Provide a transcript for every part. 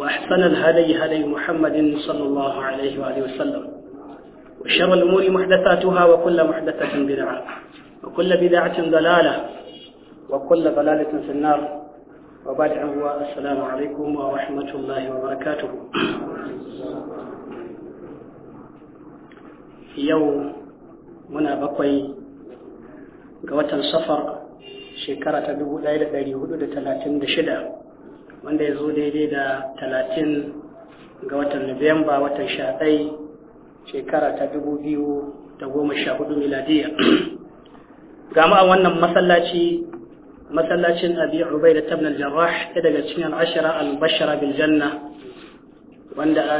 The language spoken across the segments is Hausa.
وأحسن الهدي هدي محمد صلى الله عليه وآله وسلم وشر الأمور محدثاتها وكل محدثة بدعة وكل بدعة ضلالة وكل ضلالة في النار وبعد هو السلام عليكم ورحمة الله وبركاته يوم منا بقي قوة السفر شكرة بقول ليلة ليلة شدة wanda ya zo daidai da talatin ga watan Nuwamba watan shaɗai shekara ta dubu biyu da goma sha hudu miladiya. Gama a wannan masallaci masallacin Abi Ubai da Tabnal Jarrah daga cikin al'ashara al bil janna wanda a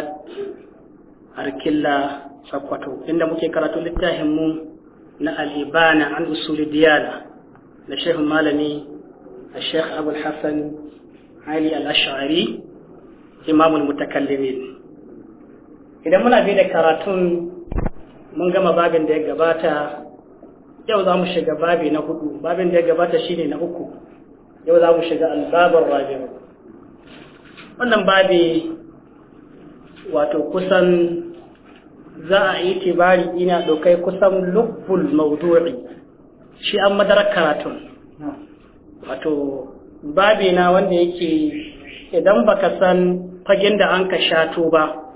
harkilla sakwato inda muke karatu littafin mu na alibana an usuli diyala da shehu malami الشيخ أبو الحسن ali al-ash'ari al mutakallimin idan muna bi da karatun mun gama babin da ya gabata yau za mu shiga babi na hudu babin da ya gabata shine na uku yau za mu shiga albabar rabi'u wannan babi wato kusan za a yi tibari ina dokai kusan lubbul mawdu'i shi an madarar karatun wato babi na wanda yake idan baka san fagen da an ka shato ba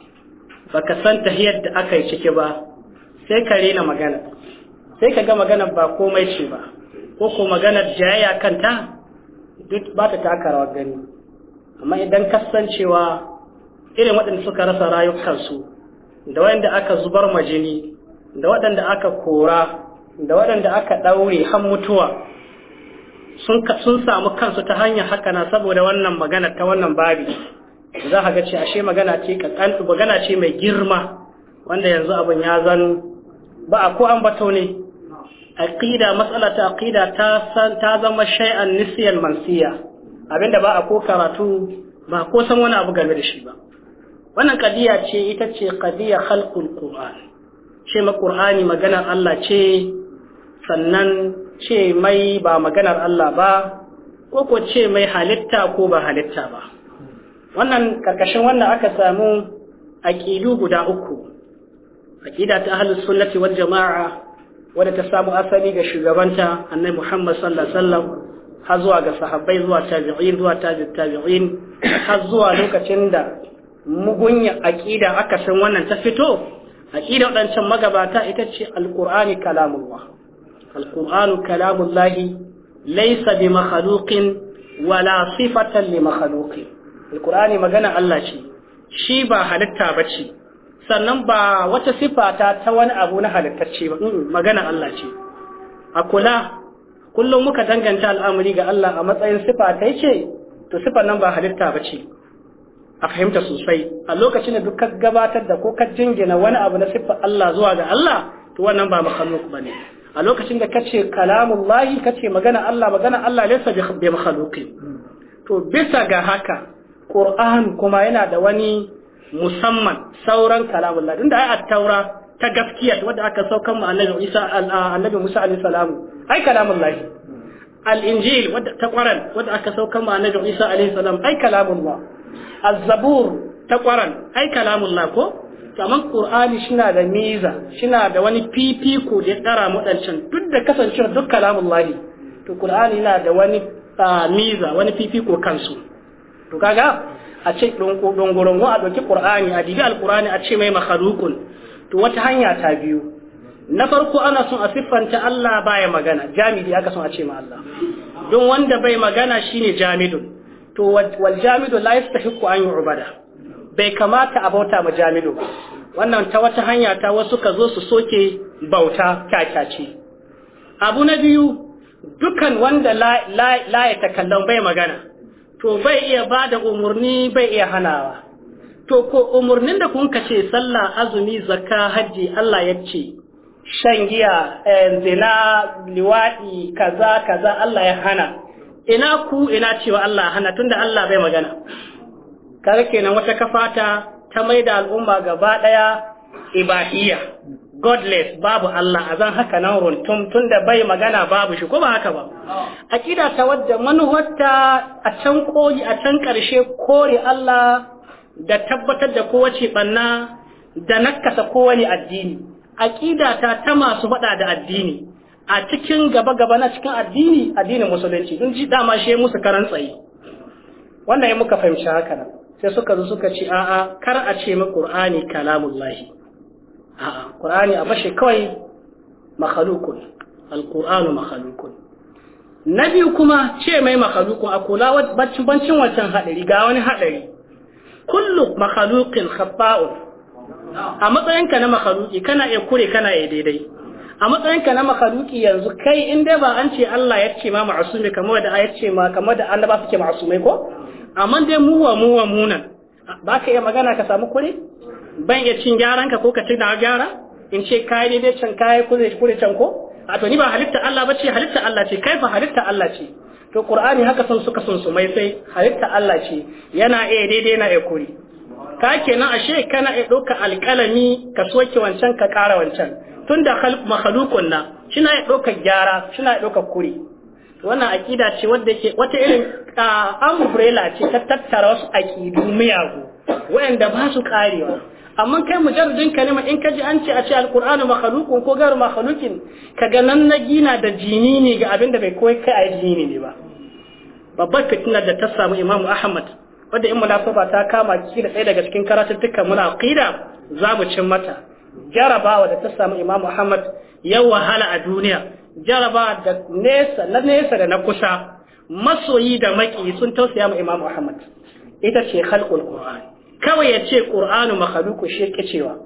baka san tahiyar da aka yi ciki ba sai ka rena magana sai ka ga magana ba komai ce ba ko ko magana jayayya kanta duk ba ta taka rawar gani amma idan kasancewa irin waɗanda suka rasa rayukansu da waɗanda aka zubar majini da waɗanda aka kora da waɗanda aka ɗaure har mutuwa sun samu kansu ta hanyar hakana saboda wannan magana ta wannan babi za ka ga ce ashe magana ce kakan magana ce mai girma wanda yanzu abin ya zanu. ba a ko an bato ne aqida matsala ta aqida ta san ta zama shay'an nisyan mansiya abinda ba a ko karatu ba ko san wani abu game da shi ba wannan kadiya ce ita ce kadiya khalqul qur'an shema qur'ani magana Allah ce sannan ce mai ba maganar Allah ba ko ko ce mai halitta ko ba halitta ba wannan karkashin wannan aka samu aqidu guda uku aqida ta ahlus sunnati wal jamaa wadda ta samu asali ga shugabanta annabi Muhammad sallallahu alaihi wasallam har zuwa ga sahabbai zuwa tabi'in zuwa tabi'in tabi'in har zuwa lokacin da mugunya aqida aka san wannan ta fito aqida waɗancan magabata ita ce alqur'ani kalamullah القرآن كلام الله ليس بمخلوق ولا صفة لمخلوق القرآن مغنى الله شيء shi ba halitta ba ce sannan ba wata sifata ta wani abu na halittacce ba magana Allah ce a kula kullum muka danganta al'amuri ga Allah a matsayin sifa ta ce to sifan nan ba halitta ba ce a fahimta sosai a lokacin da duk ka gabatar da ko ka jingina wani abu na siffar Allah zuwa ga Allah to wannan ba makhluk ne. a lokacin da kace kalamullahi kace magana Allah magana Allah laysa bi makhluqi to bisa ga haka Qur'an kuma yana da wani musamman sauran kalamullahi inda ai at-taura ta gaskiya wanda aka saukan mu annabi Isa annabi Musa alaihi salam ai kalamullahi al-injil wanda ta Qur'an wanda aka saukan mu annabi Isa alaihi salam ai kalamullah az-zabur ta Qur'an ai kalamullah ko kamar Ƙur'ani shina da miza shina da wani fifiko da ya ƙara mu duk da kasancewa duk lahi, to ƙur'ani na da wani miza wani fifiko kansu to kaga a ce dongorongo a ɗauki ƙur'ani a dibi alƙur'ani a ce mai makhalukun to wata hanya ta biyu na farko ana son a siffanta Allah baya magana jamidi aka son a ce ma Allah don wanda bai magana shine jamidun to wal jamidu la yastahiqu an yu'bada bai kamata a bauta ma jamidu wannan ta wata hanya ta wasu ka zo su soke bauta kyakyace, abu na biyu dukan wanda laye ta kallon bai magana to bai iya ba da umarni bai iya hanawa to ko umarnin da kun kace sallah azumi zakka hajji Allah ya ce shan giya eh, zina liwaɗi kaza kaza Allah ya hana ina ku ina cewa Allah hana tunda Allah bai magana Kare kenan wata kafata ta mai da al'umma gaba ɗaya ibahiyya godless babu Allah a zan haka nan runtum tun da bai magana babu shi ko ba haka ba akida ta wadda manuwarta a can koyi a can ƙarshe kore Allah da tabbatar da kowace banna da nakasa kowane addini akida ta ta masu faɗa da addini a cikin gaba-gaba na cikin addini addinin musulunci in ji dama shi musu karan tsaye wannan ya muka fahimci haka nan sai suka zo suka ce a'a kar a ce ma qur'ani kalamullahi a'a qur'ani a bashi kawai makhluqun alqur'anu makhluqun na biyu kuma ce mai makhluqun a kula bancin wancan hadari ga wani hadari kullu makhluqin khata'u a matsayinka na makhluqi kana iya kure kana iya daidai a matsayinka na makhluqi yanzu kai in dai ba an ce Allah ya ce ma ma'asumi kamar da ayat ce ma kamar da annaba suke ma'asumai ko amma dai mu wa mu wa munan ba ka iya magana ka samu kuri? ban iya cin gyaran ka ko ka ci na gyara in ce kai daidai can kai zai can ko a to ni ba halitta Allah bace halitta Allah ce kai fa halitta Allah ce to Qur'ani haka san suka san su mai sai halitta Allah ce yana iya daidai na iya kuri ka kenan ashe kana iya ɗauka alƙalami ka soke wancan ka kara wancan Tunda da makhluqun na shina iya ɗaukar gyara na iya doka kuri. wannan akida ce wadda ke wata irin umbrella ce ta tattara wasu akidu miyagu waanda ba su karewa amma kai mujarradin kalima in kaji an ce a ce alqur'anu makhluqun ko gairu makhluqin kaga nan na gina da jini ne ga abin da bai koyi kai a jini ne ba babbar fitina da ta samu Imam Ahmad wadda in munafiba ta kama da ɗaya daga cikin mu muna aqida za mu cin mata jarabawa da ta samu Imam Ahmad ya wahala a duniya jaraba da nesa na nesa da na kusa masoyi da maki sun tausaya ma Imam Ahmad ita ce khalqul Qur'an kawai ya ce Qur'anu makhluqu shi yake cewa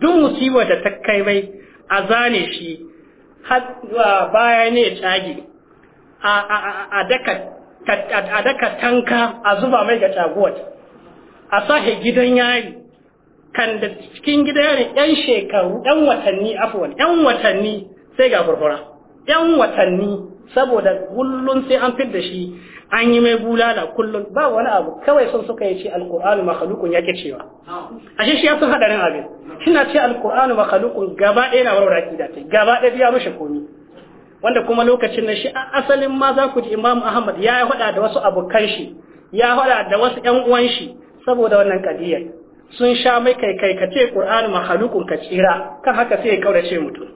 duk musiba da ta kai mai a zane shi har baya ne ya tsage a daka a daka tanka a zuba mai ga taguwar a sahe gidan yari kan da cikin gidan yari yan shekaru yan watanni afwan yan watanni sai ga furfura 'yan watanni saboda kullum sai an fidda shi an yi mai bulala kullum ba wani abu kawai sun suka yi ce alkur'anu makhlukun yake cewa ashe shi ya san hadarin abin shina ce alkur'anu makhlukun gaba ɗaya na warware ki ta gaba ɗaya biya rushe komi wanda kuma lokacin na shi asalin ma za ku ji imamu ahmad ya faɗa da wasu abokan shi ya haɗa da wasu ƴan uwan shi saboda wannan kadiyar sun sha mai kai kai ka ce qur'anu makhlukun ka tsira kan haka sai ya kaurace mutum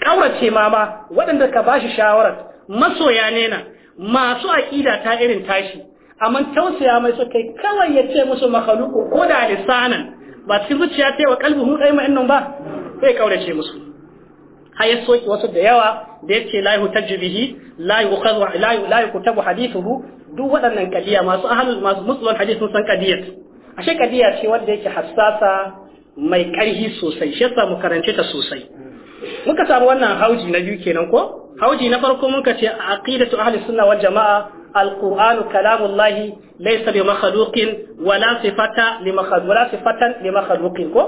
kaurace ma ba waɗanda ka ba shi shawarar masoya nena masu aƙida ta irin tashi amma tausaya mai so kai kawai ya ce musu makaluku ko da lisanan ba su zuciya ta yi wa kalbi hun ma'in nan ba zai ƙaurace musu hayar soki wasu da yawa da ya ce layu ta jibihi layu ku tabu hu duk waɗannan kadiya masu ahalul masu musulun hadith sun san ashe kadiya ce wanda yake hassasa mai ƙarhi sosai shi yasa mu karance ta sosai muka samu wannan hauji na biyu kenan ko hauji na farko muka ce a aqidatu ahli sunna wal jamaa alqur'anu kalamullahi laysa bi makhluqin wala sifata li makhluq wala sifatan li makhluqin ko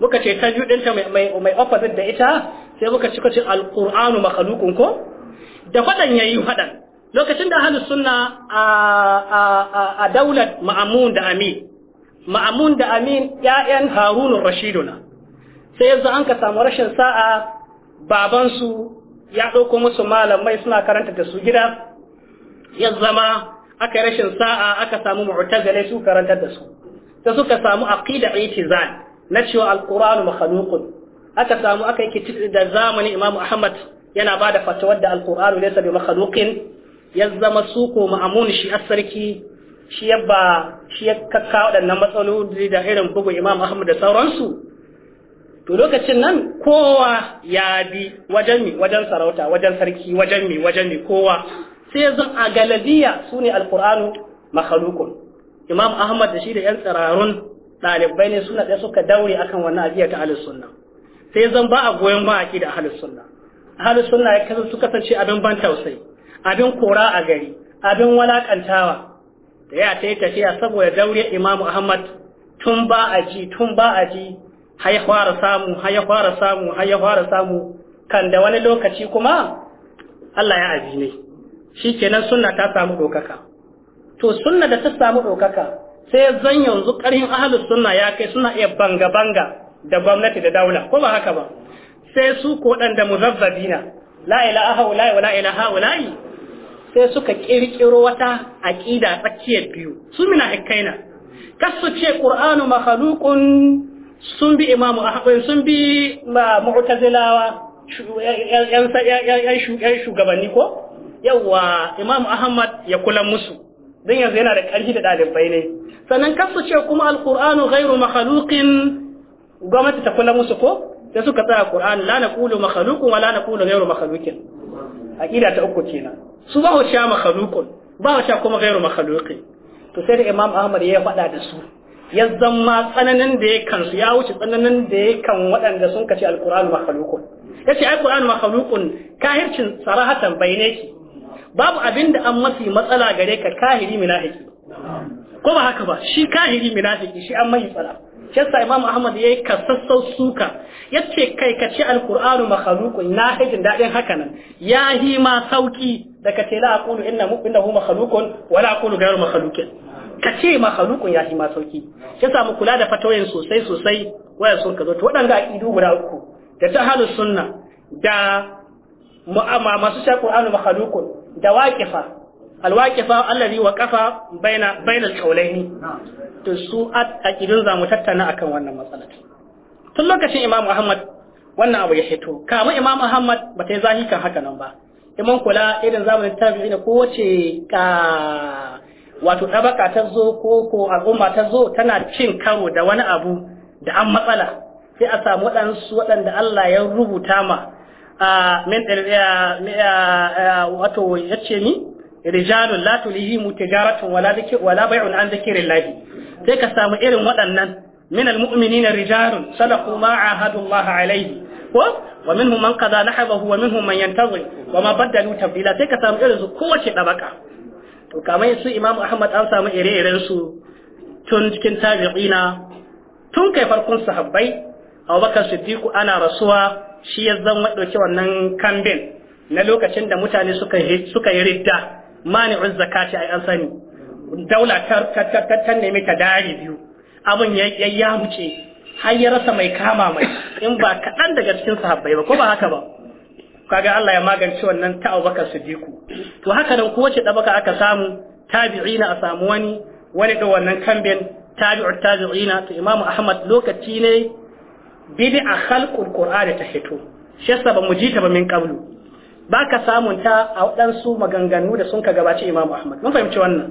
muka ce ta biyu ta mai mai opposite da ita sai muka ci al alqur'anu makhluqun ko da fadan yayi fadan lokacin da ahli sunna a a a daular ma'amun da amin ma'amun da amin ƴaƴan harun rashiduna sai yanzu an ka samu rashin sa'a babansu ya ɗauko musu malamai suna karanta da su gida ya zama aka rashin sa'a aka samu mu'tazile su karanta da su da suka samu aqida itizan na cewa alqur'anu makhluqun aka samu aka yake da zamani imamu ahmad yana bada fatawar da alqur'anu laysa bi makhluqin ya zama su ko ma'amun shi asarki shi yabba shi ya kakka waɗannan matsaloli da irin bugu imam ahmad da sauransu to lokacin nan kowa ya bi wajen mi, wajen sarauta wajen sarki wajen mi wajen mi kowa sai zan a galadiya sune alqur'anu makhluqun imam ahmad da shi da yan tsirarun ɗalibai ne suna ɗaya suka daure akan wannan aƙida ta ahlus sunna sai zan ba a goyon ba da ahlus sunna ahlus sunna ya kasance su kasance abin ban tausayi abin kora a gari abin walakantawa da ya ta yi tafiya saboda daure imam ahmad tun ba a ji tun ba a ji ya fara samu ya fara samu ya fara samu kan da wani lokaci kuma Allah ya ne shi shikenan sunna ta samu dokaka to sunna da ta samu dokaka sai zan yanzu karin ahlus sunna ya kai suna iya banga banga da gwamnati da daula ko ba haka ba sai su ko dan da muzabbabina la ilaha illa wala ilaha wala sai suka kirkiro wata aqida tsakiyar biyu su mina kasu ce qur'anu makhluqun sun bi imamu ahmad sun bi mu'tazilawa yan yan shugabanni ko yawa imamu ahmad ya kula musu don yanzu yana da ƙarfi da ɗalibai ne sannan kasu ce kuma Alqur'anu ghairu makhluqin gwamnati ta kula musu ko da suka tsaya qur'ani la naqulu makhluqun wa la naqulu ghairu makhluqin aqida ta uku kenan su ba sha makhluqun ba sha kuma ghairu makhluqin to sai da imam ahmad ya faɗa da su ya zama tsananin da ya kansu ya wuce tsananin da ya kan waɗanda sun kaci alkuran makhluqun yace ai qur'anu makhluqun kahircin sarahatan bayne ki babu abin da an mafi matsala gare ka kahiri munafiki ko ba haka ba shi kahiri munafiki shi an mai tsala yasa imam ahmad yayi kasassau suka yace kai kace alkur'anu makhluqun na hijin dadin haka nan ya ma sauki da kace la aqulu inna mu'minahu makhluqun wala aqulu ghayru makhluqin ka ce halukun ya shi ma sauki ya samu kula da fatoyin sosai sosai waya sun ka zo to waɗanda aqidu guda uku da ta halin sunna da mu'amma masu sha qur'anu halukun da waqifa alwaqifa allazi waqafa baina baina al-qawlaini to su aqidun za mu tattauna akan wannan matsalar tun lokacin imam ahmad wannan abu ya fito. kama imam ahmad ba ta yi zahi kan haka nan ba imam kula irin zamanin tabi'i da kowace ka wato ɗabaka ta zo ko ko al'umma ta zo tana cin karo da wani abu da an matsala sai a samu waɗansu waɗanda Allah ya rubuta ma a min eh, eh, eh, wato ya ce ni rijalun la tijaratun wala wala bai'un an sai ka samu irin waɗannan من المؤمنين رجال صدقوا ما عاهدوا الله عليه ومنهم من قضى نحبه to kamar su imam ahmad an samu ire-iren su tun cikin tabi'ina tun kai farkon sahabbai abubakar siddiqu ana rasuwa shi ya zan ɗauki wannan kambin na lokacin da mutane suka yi ridda mani'uz zakati ai an sani daula ta nemi ta dari biyu abun ya yamuce har ya rasa mai kama mai in ba kaɗan daga cikin sahabbai ba ko ba haka ba kaga Allah ya magance wannan ta Abubakar Siddiq to haka nan kowace dabaka aka samu tabi'ina a samu wani wani da wannan kambin tabi'u tabi'ina to Imam Ahmad lokaci ne bid'a khalqul Qur'ani ta fito shi yasa ba mu ji ta ba min qablu baka samun ta a waɗansu maganganu da sun ka gabaci Imam Ahmad mun fahimci wannan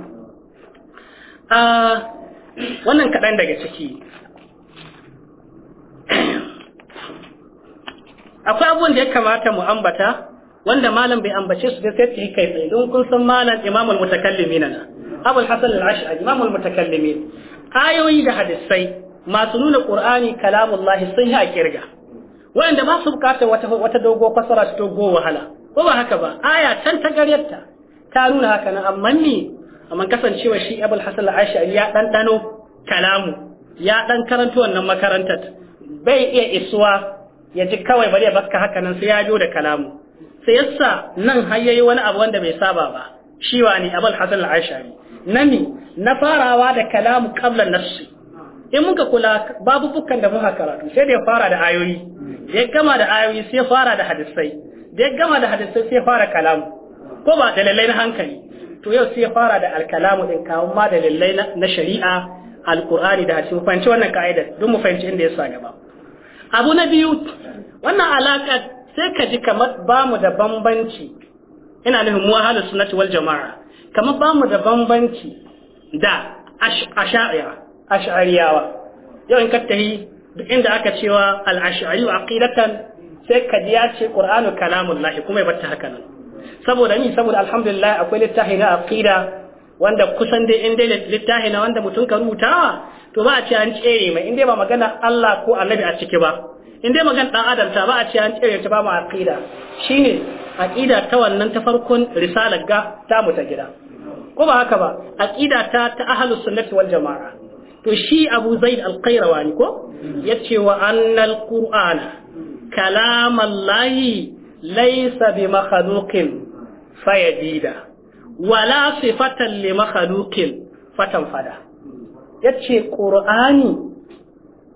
a ah, wannan kadan daga ciki akwai abubuwan da ya kamata mu ambata wanda malam bai ambace su sai ta kai tsaye don kun san malam imamul mutakallimi na abul hasan al-ash'ari imamul ayoyi da hadisai masu nuna qur'ani kalamullah sun ha kirga wanda ba su bukatar wata wata dogo fasara ta dogo wahala ko ba haka ba aya tan ta garyarta ta nuna haka nan amma ni amma kasancewa shi abul hasan al-ash'ari ya ɗanɗano kalamu ya dan karanta wannan makarantar bai iya isuwa ya ji kawai bari ya baska haka nan sai ya jo da kalamu sai yasa nan har yayi wani abu wanda bai saba ba shi wa ne abul hasan al aishami nami na farawa da kalamu qabla nafsi in muka kula babu bukkan da muka karatu sai da ya fara da ayoyi da ya gama da ayoyi sai fara da hadisai da ya gama da hadisai sai fara kalamu ko ba dalilai na hankali to yau sai ya fara da alkalamu din kawo ma dalilai na shari'a alkur'ani da hadisi mu fahimci wannan ka'idar don mu fahimci inda ya sa gaba abu na biyu wannan alaƙa sai ka ji kamar ba mu da bambanci ina nufin mu ahlus sunnati wal jama'a kamar ba mu da bambanci da ash'ariya ash'ariyawa yau in ka tahi inda aka cewa al-ash'ari aqidatan sai ka ji ya ce kalamun kalamullahi kuma ya batta haka nan saboda ni saboda alhamdulillah akwai littafi na aqida wanda kusan dai in dai littafi na wanda mutum ka rubuta to ba a ce an tsere mai in dai ba magana Allah ko Annabi a ciki ba in dai magana dan adam ta ba a ce an tsere ta ba mu aqida shine aqida ta wannan ta farkon risalar ga ta mu ta gida ko ba haka ba aqida ta ta ahlus sunnati wal jamaa to shi Abu Zaid al-Qayrawani ko yace wa annal qur'ana kalamallahi laysa bi makhluqin fayadida wala sifatan li makhluqin fatan fada yace qur'ani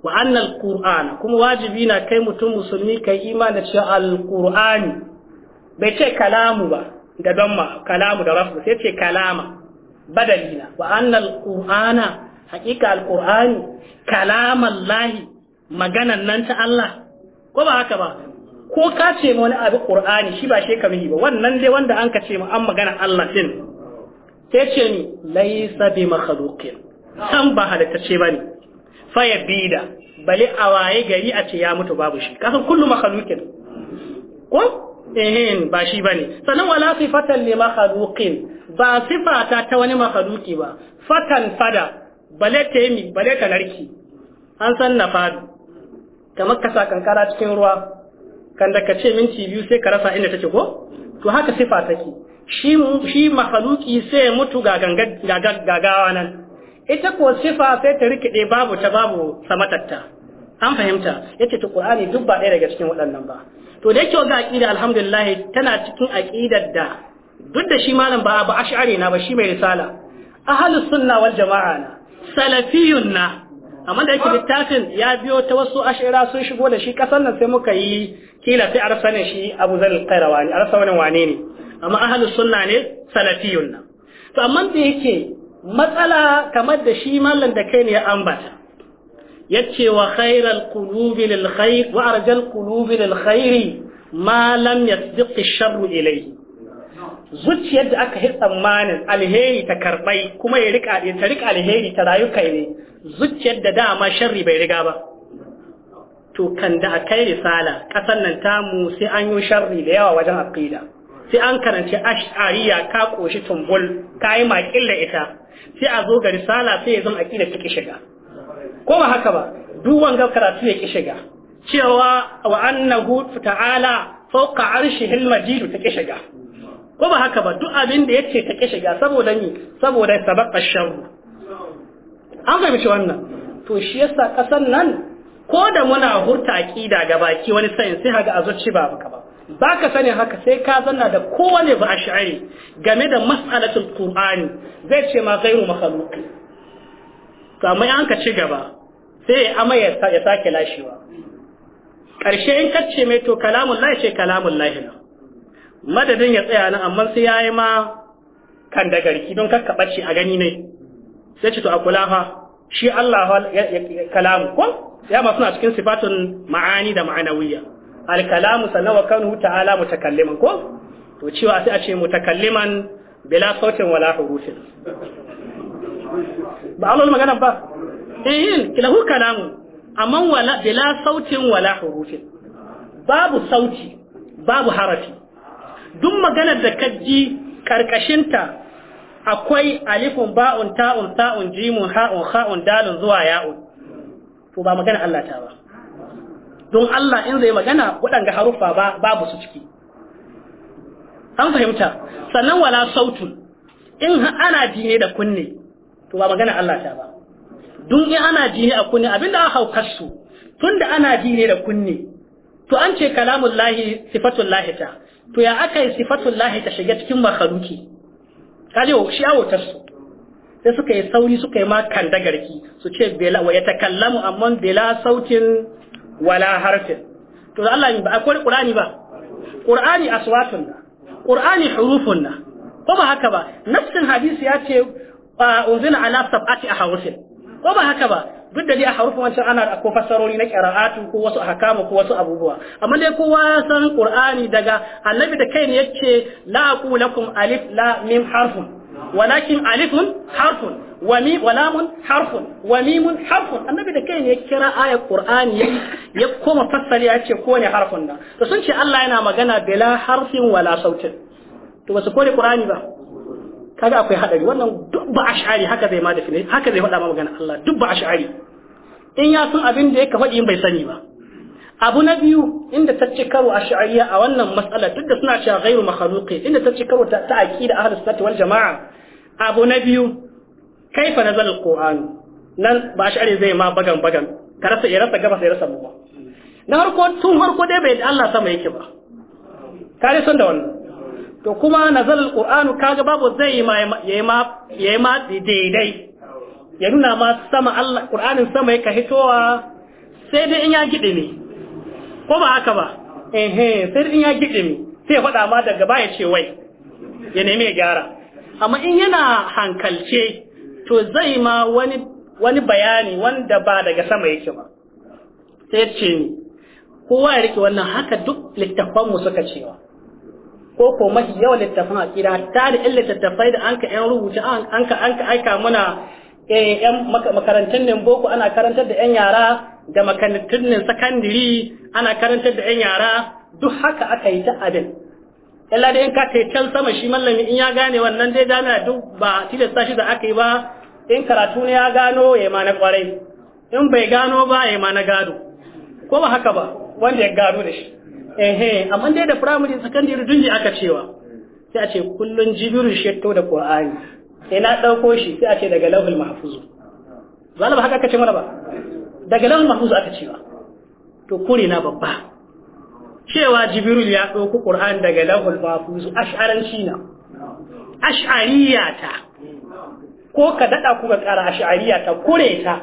wa anna al kuma wajibi na kai mutum musulmi kai imani cewa al-qur'ani bai ce kalamu ba da ma kalamu da rafu sai ce kalama badalina wa anna al-qur'ana haqiqa al-qur'ani kalamallahi maganan nan ta Allah ko ba haka ba ko ka ce ma wani abu qur'ani shi ba yi ba wannan dai wanda an ka ce ma an magana Allah din sai ce ni laisa bi makhluqin san ba ce bane fa bida bali a waye gari a ce ya mutu babu shi kasan kullu makhluqin ko ehin ba shi bane sannan wala sifatan li makhluqin ba sifata ta wani makhluqi ba fatan fada bale ta yi bale ta narki an san na fadu kamar kasa kankara cikin ruwa kan da ka ce minti biyu sai ka rasa inda take ko to haka sifa take shi shi makhluki sai mutu ga gagawa nan ita ko sifa sai ta rikide babu ta babu samatatta an fahimta yace to qur'ani duk ba ɗaya daga cikin waɗannan ba to da yake ga aqida alhamdulillah tana cikin aqidar da duk da shi malam ba ba ash'ari na ba shi mai risala ahlus sunna wal jama'a na salafiyun na amma da yake littafin ya biyo ta wasu ash'ira sun shigo da shi kasan nan sai muka yi kila sai a rasa ne shi abu zan al-qayrawani a rasa wani wane ne amma ahlus sunna ne salafiyun nan to amma da yake matsala kamar da shi mallan da kai ne ya ambata yace wa khairal qulubi lil khair wa arjal qulubi lil khair ma lam yasbiq ash-sharr ilayhi zuciyar da aka yi tsammanin alheri ta karbai kuma ya rika ta rika alheri ta rayuka ne zuciyar da dama sharri bai riga ba to kan da kai risala kasan nan tamu sai an yi sharri da yawa wajen aqida sai an karanci ash'ariya ka koshi tumbul ka yi da ita sai a zo ga risala sai ya zama aqida ta ki shiga ko ba haka ba duk wanga karatu ne ki shiga cewa wa annahu ta'ala fawqa arshihil majid ta ki shiga ko ba haka ba duk abin da yake ta ki shiga saboda ni saboda sabaqa sharru an fahimci wannan to shi yasa kasan nan ko da muna hurta aqida ga baki wani sayin sai haga a zuci ba baka ba baka sani haka sai ka zanna da kowane ba a ash'ari game da mas'alatul qur'ani zai ce ma ghairu makhluq kamar an ka ci gaba sai amma ya sake lashewa karshe in ka ce mai to kalamun lahi ce kalamun lahi na madadin ya tsaya nan amma sai ya yi ma kan da garki don kakkaɓace a gani ne sai ce to a kula shi Allah kalamu ko ya ma suna cikin sifatun ma'ani da ma'anawiyya al-kalamu sanawa kanu ta'ala mutakalliman ko to cewa sai a ce mutakalliman bila sautin wala hurufin ba Allah magana ba eh kilahu kalamu amma wala bila sautin wala hurufin babu sauti babu harafi duk maganar da kaji karkashinta akwai alifun ba'un ta'un sa'un jimun ha'un ha'un dalun zuwa ya'un to ba magana Allah ta ba don Allah in zai magana waɗanga haruffa ba babu su ciki an fahimta sannan wala sautun in ana jine da kunne to ba magana Allah ta ba don in ana jine a kunne abinda aka haukar su tunda ana jine da kunne to an ce kalamun lahi sifatun lahi ta to ya aka yi sifatun lahi ta shiga cikin makhaluki ta je shi a su sai suka yi sauri suka yi ma garki su ce bela wa yatakallamu amma bela sautin wala harfin to da Allah ba akwai qur'ani ba qur'ani aswatun na qur'ani hurufun na ko ba haka ba nafsin hadisi ya ce unzila ala sab'ati hausin ko ba haka ba duk da dai a harufin wancan ana ko fassarori na qira'atu ko wasu ahkamu ko wasu abubuwa amma dai kowa ya san qur'ani daga annabi da kai ne yace la aqulu alif la mim harfun walakin alifun harfun wami walamun harfun wamimun harfun annabi da kai ne ya kira ayar qur'ani ya ya koma fassali ya ce ko ne harfun da to sun ce Allah yana magana bila harfin wala sautin to ba su kore qur'ani ba kaga akwai hadari wannan duk ba ash'ari haka zai ma da fini haka zai faɗa ma magana Allah duk ba ash'ari in ya san abin da yake faɗi in bai sani ba abu na biyu inda ta ci karo ash'ariya a wannan matsala duk da suna cewa ghairu makhluqi inda ta ci karo ta aqida ahlus sunnah wal jamaa abu na biyu kaifa nazal alquran nan ba ash'ari zai ma bagan bagan ka rasa ya rasa gaba sai rasa mu na harko tun harko dai bai Allah sama yake ba kare son da wannan to kuma nazal alqur'anu kaga babu zai yi ma yayi ma yayi ma daidai ya nuna ma sama Allah qur'anin sama yake hitowa sai dai in ya gidi ne ko ba haka ba eh eh sai dai in ya gidi ne sai faɗa ma daga ba ya ce wai ya nemi ya gyara amma in yana hankalce to zai ma wani wani bayani wanda ba daga sama yake ba sai ce ni kowa ya rike wannan haka duk littafanmu suka cewa ko ko mafi yawan littafin aqida ta da illa littattafai da anka yan rubuta anka anka aika muna yan eh, makarantun nan boko ana karantar da yan yara da makarantun nan sakandiri ana karantar da yan yara duk haka aka yi ta abin illa da in ka kai can sama shi mallami in ya gane wannan dai jami'a duk ba tilasta shi da aka yi ba in karatu ne ya gano ya ma na kwarai in bai gano ba ya ma na gado ko ba haka ba wanda ya gado da shi ehe amma dai da primary secondary dunji aka cewa sai a ce kullun jibiru shetto da qur'ani sai na dauko shi sai a ce daga lauhul mahfuz ba haka aka ce mana ba daga lauhul mahfuz aka cewa to kure na babba cewa jibril ya dauko qur'ani daga lauhul mahfuz ash'aranci na ash'ariyata ko ka dada kuka kara ash'ariyata kure ta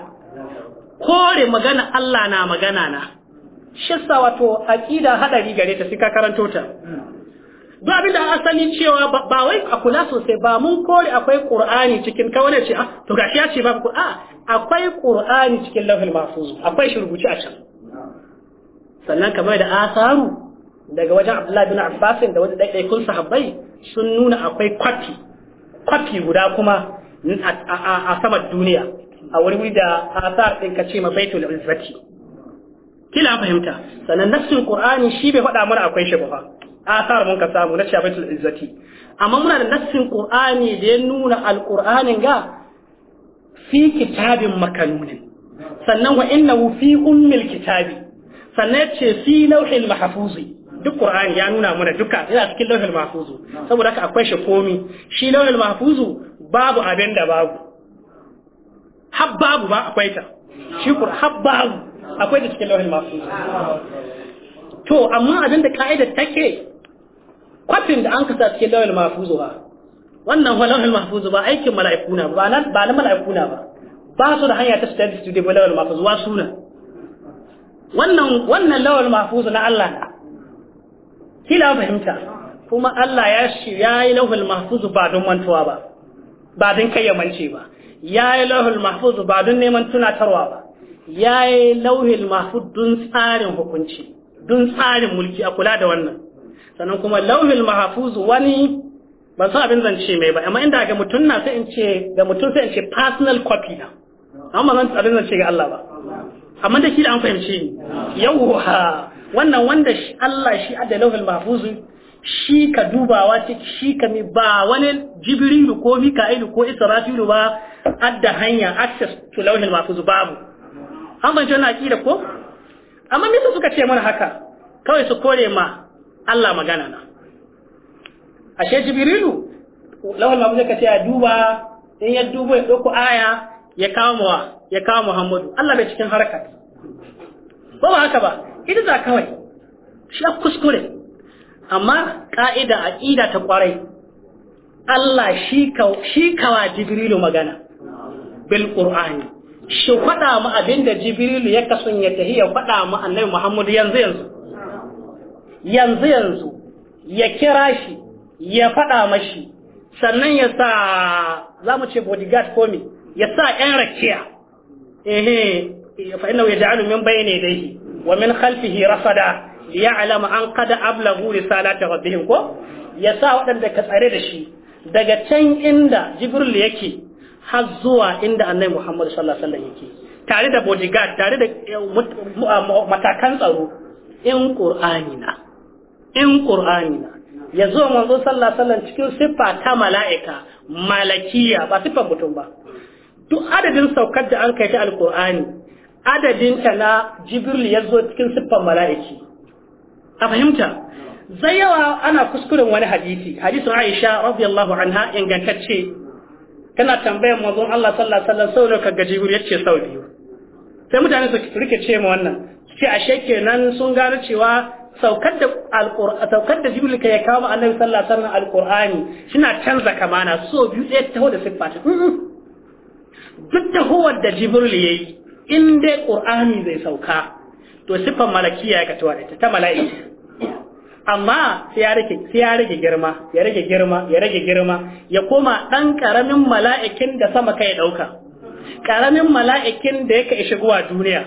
kore magana Allah na magana na shissa wato aqida hadari gare ta sai ka karanto ta duk abinda sani cewa ba wai a kula sosai ba mun kore akwai qur'ani cikin ka wani ce ah to gashi ya ce ba ku a ah, akwai qur'ani cikin lafil mahfuz akwai shi rubuci a can sannan kamar da asaru daga wajen Abdullahi bin Abbas da wani daidaikun sahabbai sun nuna akwai kwafi kwafi guda kuma a sama duniya a wuri da asar din ka ce ma baitul izzati kila fahimta sannan nassin qur'ani shi bai faɗa mana akwai shi ba fa asar mun ka samu na shafatul izzati amma muna da nassin qur'ani da ya nuna alqur'anin ga fi kitabin makanunin sannan wa innahu fi ummil kitabi sannan yace ce fi lawhil mahfuzi duk qur'ani ya nuna mana duka yana cikin lawhil mahfuzu saboda haka akwai shi komi shi lawhil mahfuzu babu abinda babu habbabu ba akwai ta shi qur'an habbabu. babu akwai da cikin lauhin masu to amma abin da ka'idar take kwafin da an kasa cikin lauhin masu ba wannan fa lauhin mafuzo ba aikin mala'ikuna ba na mala'ikuna ba ba su da hanya ta tafi study ba lauhin masu wa suna wannan wannan lauhin mafuzo na Allah na kila fahimta kuma Allah ya shi ya yi lauhin mafuzo ba don mantuwa ba ba don kayyamance ba ya yi lauhin mafuzo ba don neman tunatarwa ba ya yi lauhin mahfud dun tsarin hukunci dun tsarin mulki a kula da wannan sannan kuma lauhin mahfuz wani ban san abin zance mai ba amma inda ga mutum na sai in ce ga mutum sai in ce personal copy na amma zan abin zance ga Allah ba amma da shi da an fahimci ni yawwa wannan wanda Allah shi adda lauhin mahfuz shi ka dubawa ce shi ka mi ba wani jibrilu ko mika'ilu ko israfilu ba adda hanya access to lauhin mahfuz babu an ban fahimci ki da ko amma me suka ce mana haka kawai su kore ma Allah magana na ashe jibrilu lawan mamu zai kace a duba in ya duba ya ɗauko aya ya kawo ya kawo muhammadu Allah bai cikin harka ba ba haka ba ita za kawai shi a kuskure amma ka'ida aqida ta kwarai Allah shi kawa jibrilu magana bil qur'ani shi faɗa ma abin da jibrilu ya kasun ya tafi ya faɗa mu annabi muhammadu yanzu yanzu yanzu yanzu ya kira shi ya faɗa mashi sannan ya sa za mu ce bodyguard ko ya sa ƴan rakiya ehe fa innahu yaj'alu min bayni dai wa min khalfihi ya alama an qad ablaghu risalata rabbihim ko ya sa waɗanda ka tsare da shi daga can inda jibril yake har zuwa inda annai Muhammadu sallallahu alaihi yake tare da bodyguard tare da eh, ah, matakan tsaro in ƙur'anina na in ƙur'anina na ya zuwa manzo sallallahu alaihi cikin siffa ta mala'ika malakiya ba siffar mutum ba duk adadin saukar da an kai ta alqur'ani adadin ta na jibril ya zo cikin siffar mala'iki a fahimta zai yawa ana kuskuren wani hadisi hadisin aisha radiyallahu anha ingantacce Kana tambayar mazon Allah sallallahu alaihi wasallam sau nawa kaga ya yace sau biyu sai mutane su rike ce mu wannan sai ashe kenan sun gano cewa saukar da alqur'ani saukar da jibril kai ya kawo annabi sallallahu alaihi wasallam alqur'ani shina canza kamana so biyu ɗaya taho da siffa duk da huwar da jibril yayi in dai qur'ani zai sauka to siffar malakiya ya tawa da ta mala'ika amma sai ya rage sai ya rage girma ya rage girma ya rage girma ya koma dan karamin mala'ikin da sama kai dauka karamin mala'ikin da yake shigowa duniya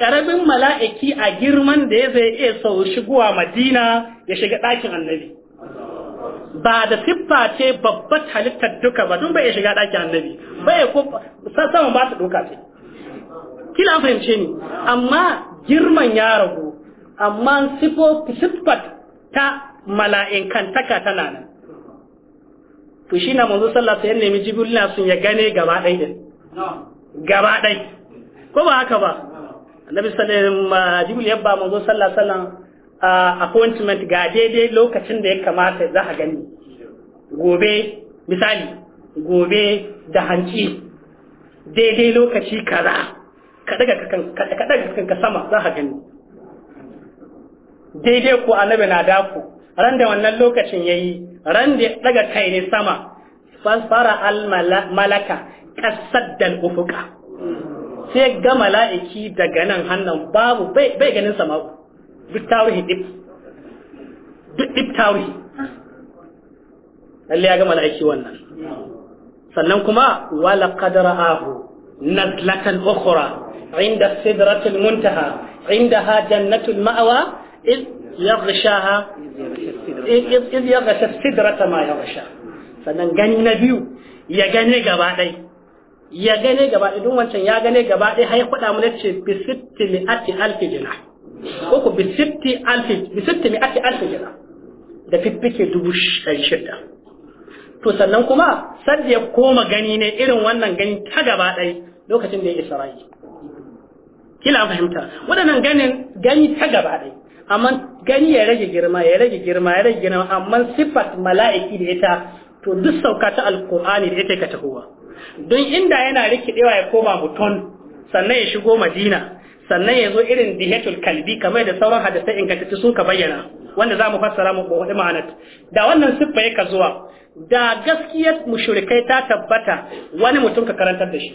karamin mala'iki a girman da ya zai iya sau shigowa madina ya shiga ɗakin annabi ba da siffa ce babbar halittar duka ba tun bai ya shiga ɗakin annabi bai ko saman ba su doka ce kila fahimce ni amma girman ya ragu amma siffar ta mala'inkantaka tana nan to shi na manzo sallallahu alaihi wasallam jibril na sun ya gane gaba ɗaya din gaba ko ba haka ba annabi sallallahu alaihi jibril ya ba manzo sallallahu alaihi wasallam appointment ga daidai lokacin da ya kamata za a gani gobe misali gobe da hanci daidai lokaci kaza ka daga ka sama za a gani daidai ku annabi na daku ran da wannan lokacin yayi ran da daga kai ne sama fasara al malaka kasaddal ufuka sai ga mala'iki daga nan hannan babu bai ganin sama duk tarihi dip duk dip tarihi lalle ya ga mala'iki wannan sannan kuma wala qadara ahu nazlatan ukhra inda sidratil muntaha indaha jannatul ma'wa إذ يغشاها إذ يغشى السدرة ما يغشى sannan gani na biyu ya gane gaba ɗai ya gane gaba ɗai don wancan ya gane gaba ɗai har kuɗa mu ce bisitti mi ati alfi jina ko ku bisitti alfi bisitti mi ati alfi jina da fiffike dubu shida to sannan kuma sanda ya koma gani ne irin wannan gani ta gaba ɗai lokacin da ya isa isra'i kila fahimta waɗannan ganin gani ta gaba ɗai amma gani ya rage girma ya rage girma ya rage girma amma sifat mala'iki da ita to duk sauka ta alkur'ani da ita ka tahowa don inda yana rikidewa ya koma mutum sannan ya shigo madina sannan ya zo irin dihetul kalbi kamar da sauran hadisai ingantattu sun ka bayyana wanda za mu fassara mu kowaɗi ma'anat da wannan siffa yaka zuwa da gaskiyar mushrikai ta tabbata wani mutum ka karantar da shi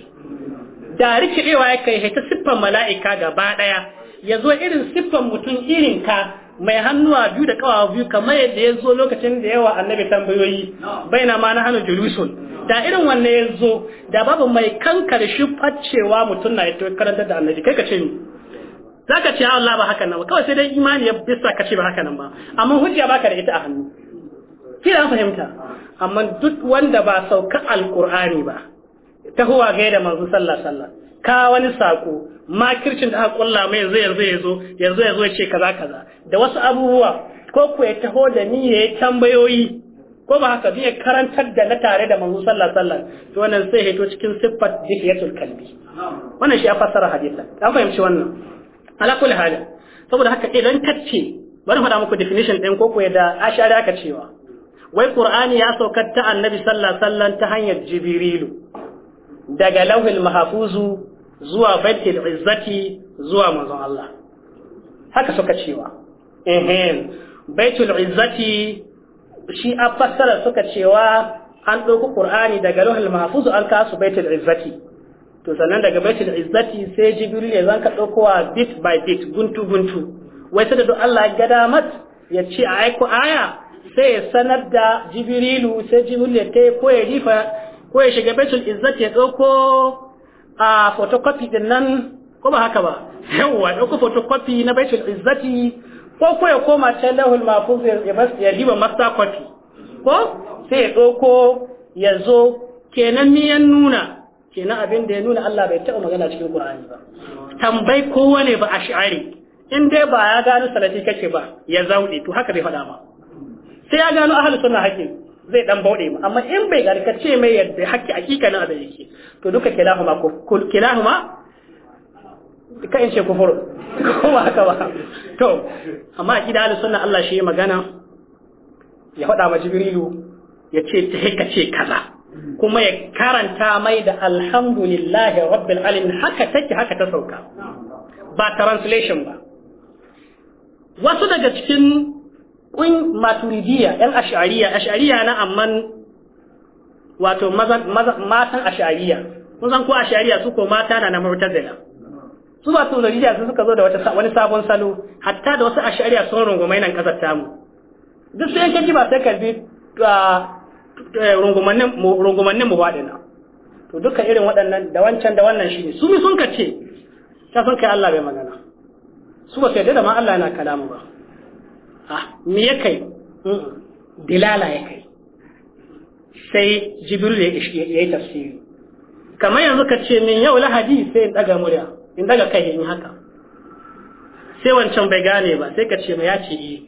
da rikidewa ya kai ta siffar mala'ika gaba ɗaya ya zo irin siffan mutum irin ka mai hannuwa biyu da kawawa biyu kamar yadda ya zo lokacin da yawa annabi tambayoyi na ma na hannu jerusalem da irin wanne ya zo da babu mai kankar shi facewa mutum na ya karanta da annabi kai ka ce ni za ka ce ah, Allah ba haka nan ba kawai sai dai imani ya bisa ka ce ba haka nan ba amma hujja baka da ita a hannu Ki da fahimta amma duk wanda ba sauka alkur'ani ba ta huwa gaida manzo sallallahu alaihi wasallam ka wani sako makircin da aka kulla mai yanzu yanzu ya zo yanzu yazo ya ce kaza kaza da wasu abubuwa ko ku ya taho da ni ya yi tambayoyi ko ba haka biya karantar da na tare da manzo sallallahu alaihi wasallam to wannan sai hito cikin siffat dikiyatul kalbi wannan shi ya fassara Da an fahimci wannan ala kulli halin saboda haka idan ce, bari faɗa muku definition ɗin ko kuwa da ashari aka cewa wai qur'ani ya saukar ta annabi sallallahu alaihi wasallam ta hanyar jibrilu daga lauhil mahfuzu zuwa baitul izzati zuwa manzon Allah haka suka cewa ehem baitul izzati shi a fassara suka cewa an ɗauko qur'ani daga ruhul mahfuz an kasu baitul izzati to sannan daga baitul izzati sai jibril ya zanka daukowa bit by bit guntu guntu wai sai da duk Allah ya gada mat ya ce a aiko aya sai ya sanar da jibrilu sai jibril ya kai ko ya rifa ko ya shiga baitul izzati ya ɗauko a ah, photocopy din nan ko ba haka ba yawwa ɗauko photocopy na baitul izzati ko ko ya koma ta lahul mafuz ya diba master copy ko sai ya ɗauko ya zo kenan mi ya nuna kenan abin da ya nuna Allah bai taɓa magana cikin Qur'ani ba ko wane ba a shi'ari in dai ba ya gano salati kake ba ya zaudi to haka bai faɗa ba sai ya gano ahlus sunna haƙiƙa zai dan bauɗe ba amma in bai gani ce mai yadda hakki hakikanin abin yake to duka kilahuma kul kilahuma ka in ce kufur ko ba haka ba to amma a kida ahlus sunna Allah shi ya magana ya faɗa ma jibrilu ya ce ta haka ce kaza kuma ya karanta mai da alhamdulillahi rabbil alamin haka take haka ta sauka ba translation ba wasu daga cikin kun maturidiyya yan ash'ariya ash'ariya na amman wato matan ash'ariya kun san ko ash'ariya su ko mata na na murtazila su ba turidiya su suka zo da wani sabon salo hatta da wasu ash'ariya sun rungumai nan kasar tamu duk sai yanke ba sai kalbi bi ah, eh, rungumannin mu waɗina. to duka irin waɗannan da wancan da wannan shi ne su bi sun ka ce ta sun kai Allah bai magana su ba sai da ma Allah yana kalamu ba me ya kai dilala ya kai sai jibiru ya yi tafsiri kamar yanzu ka ce min yau lahadi sai in daga murya in daga kai yin haka sai wancan bai gane ba sai ka ce ma ya ce yi eh.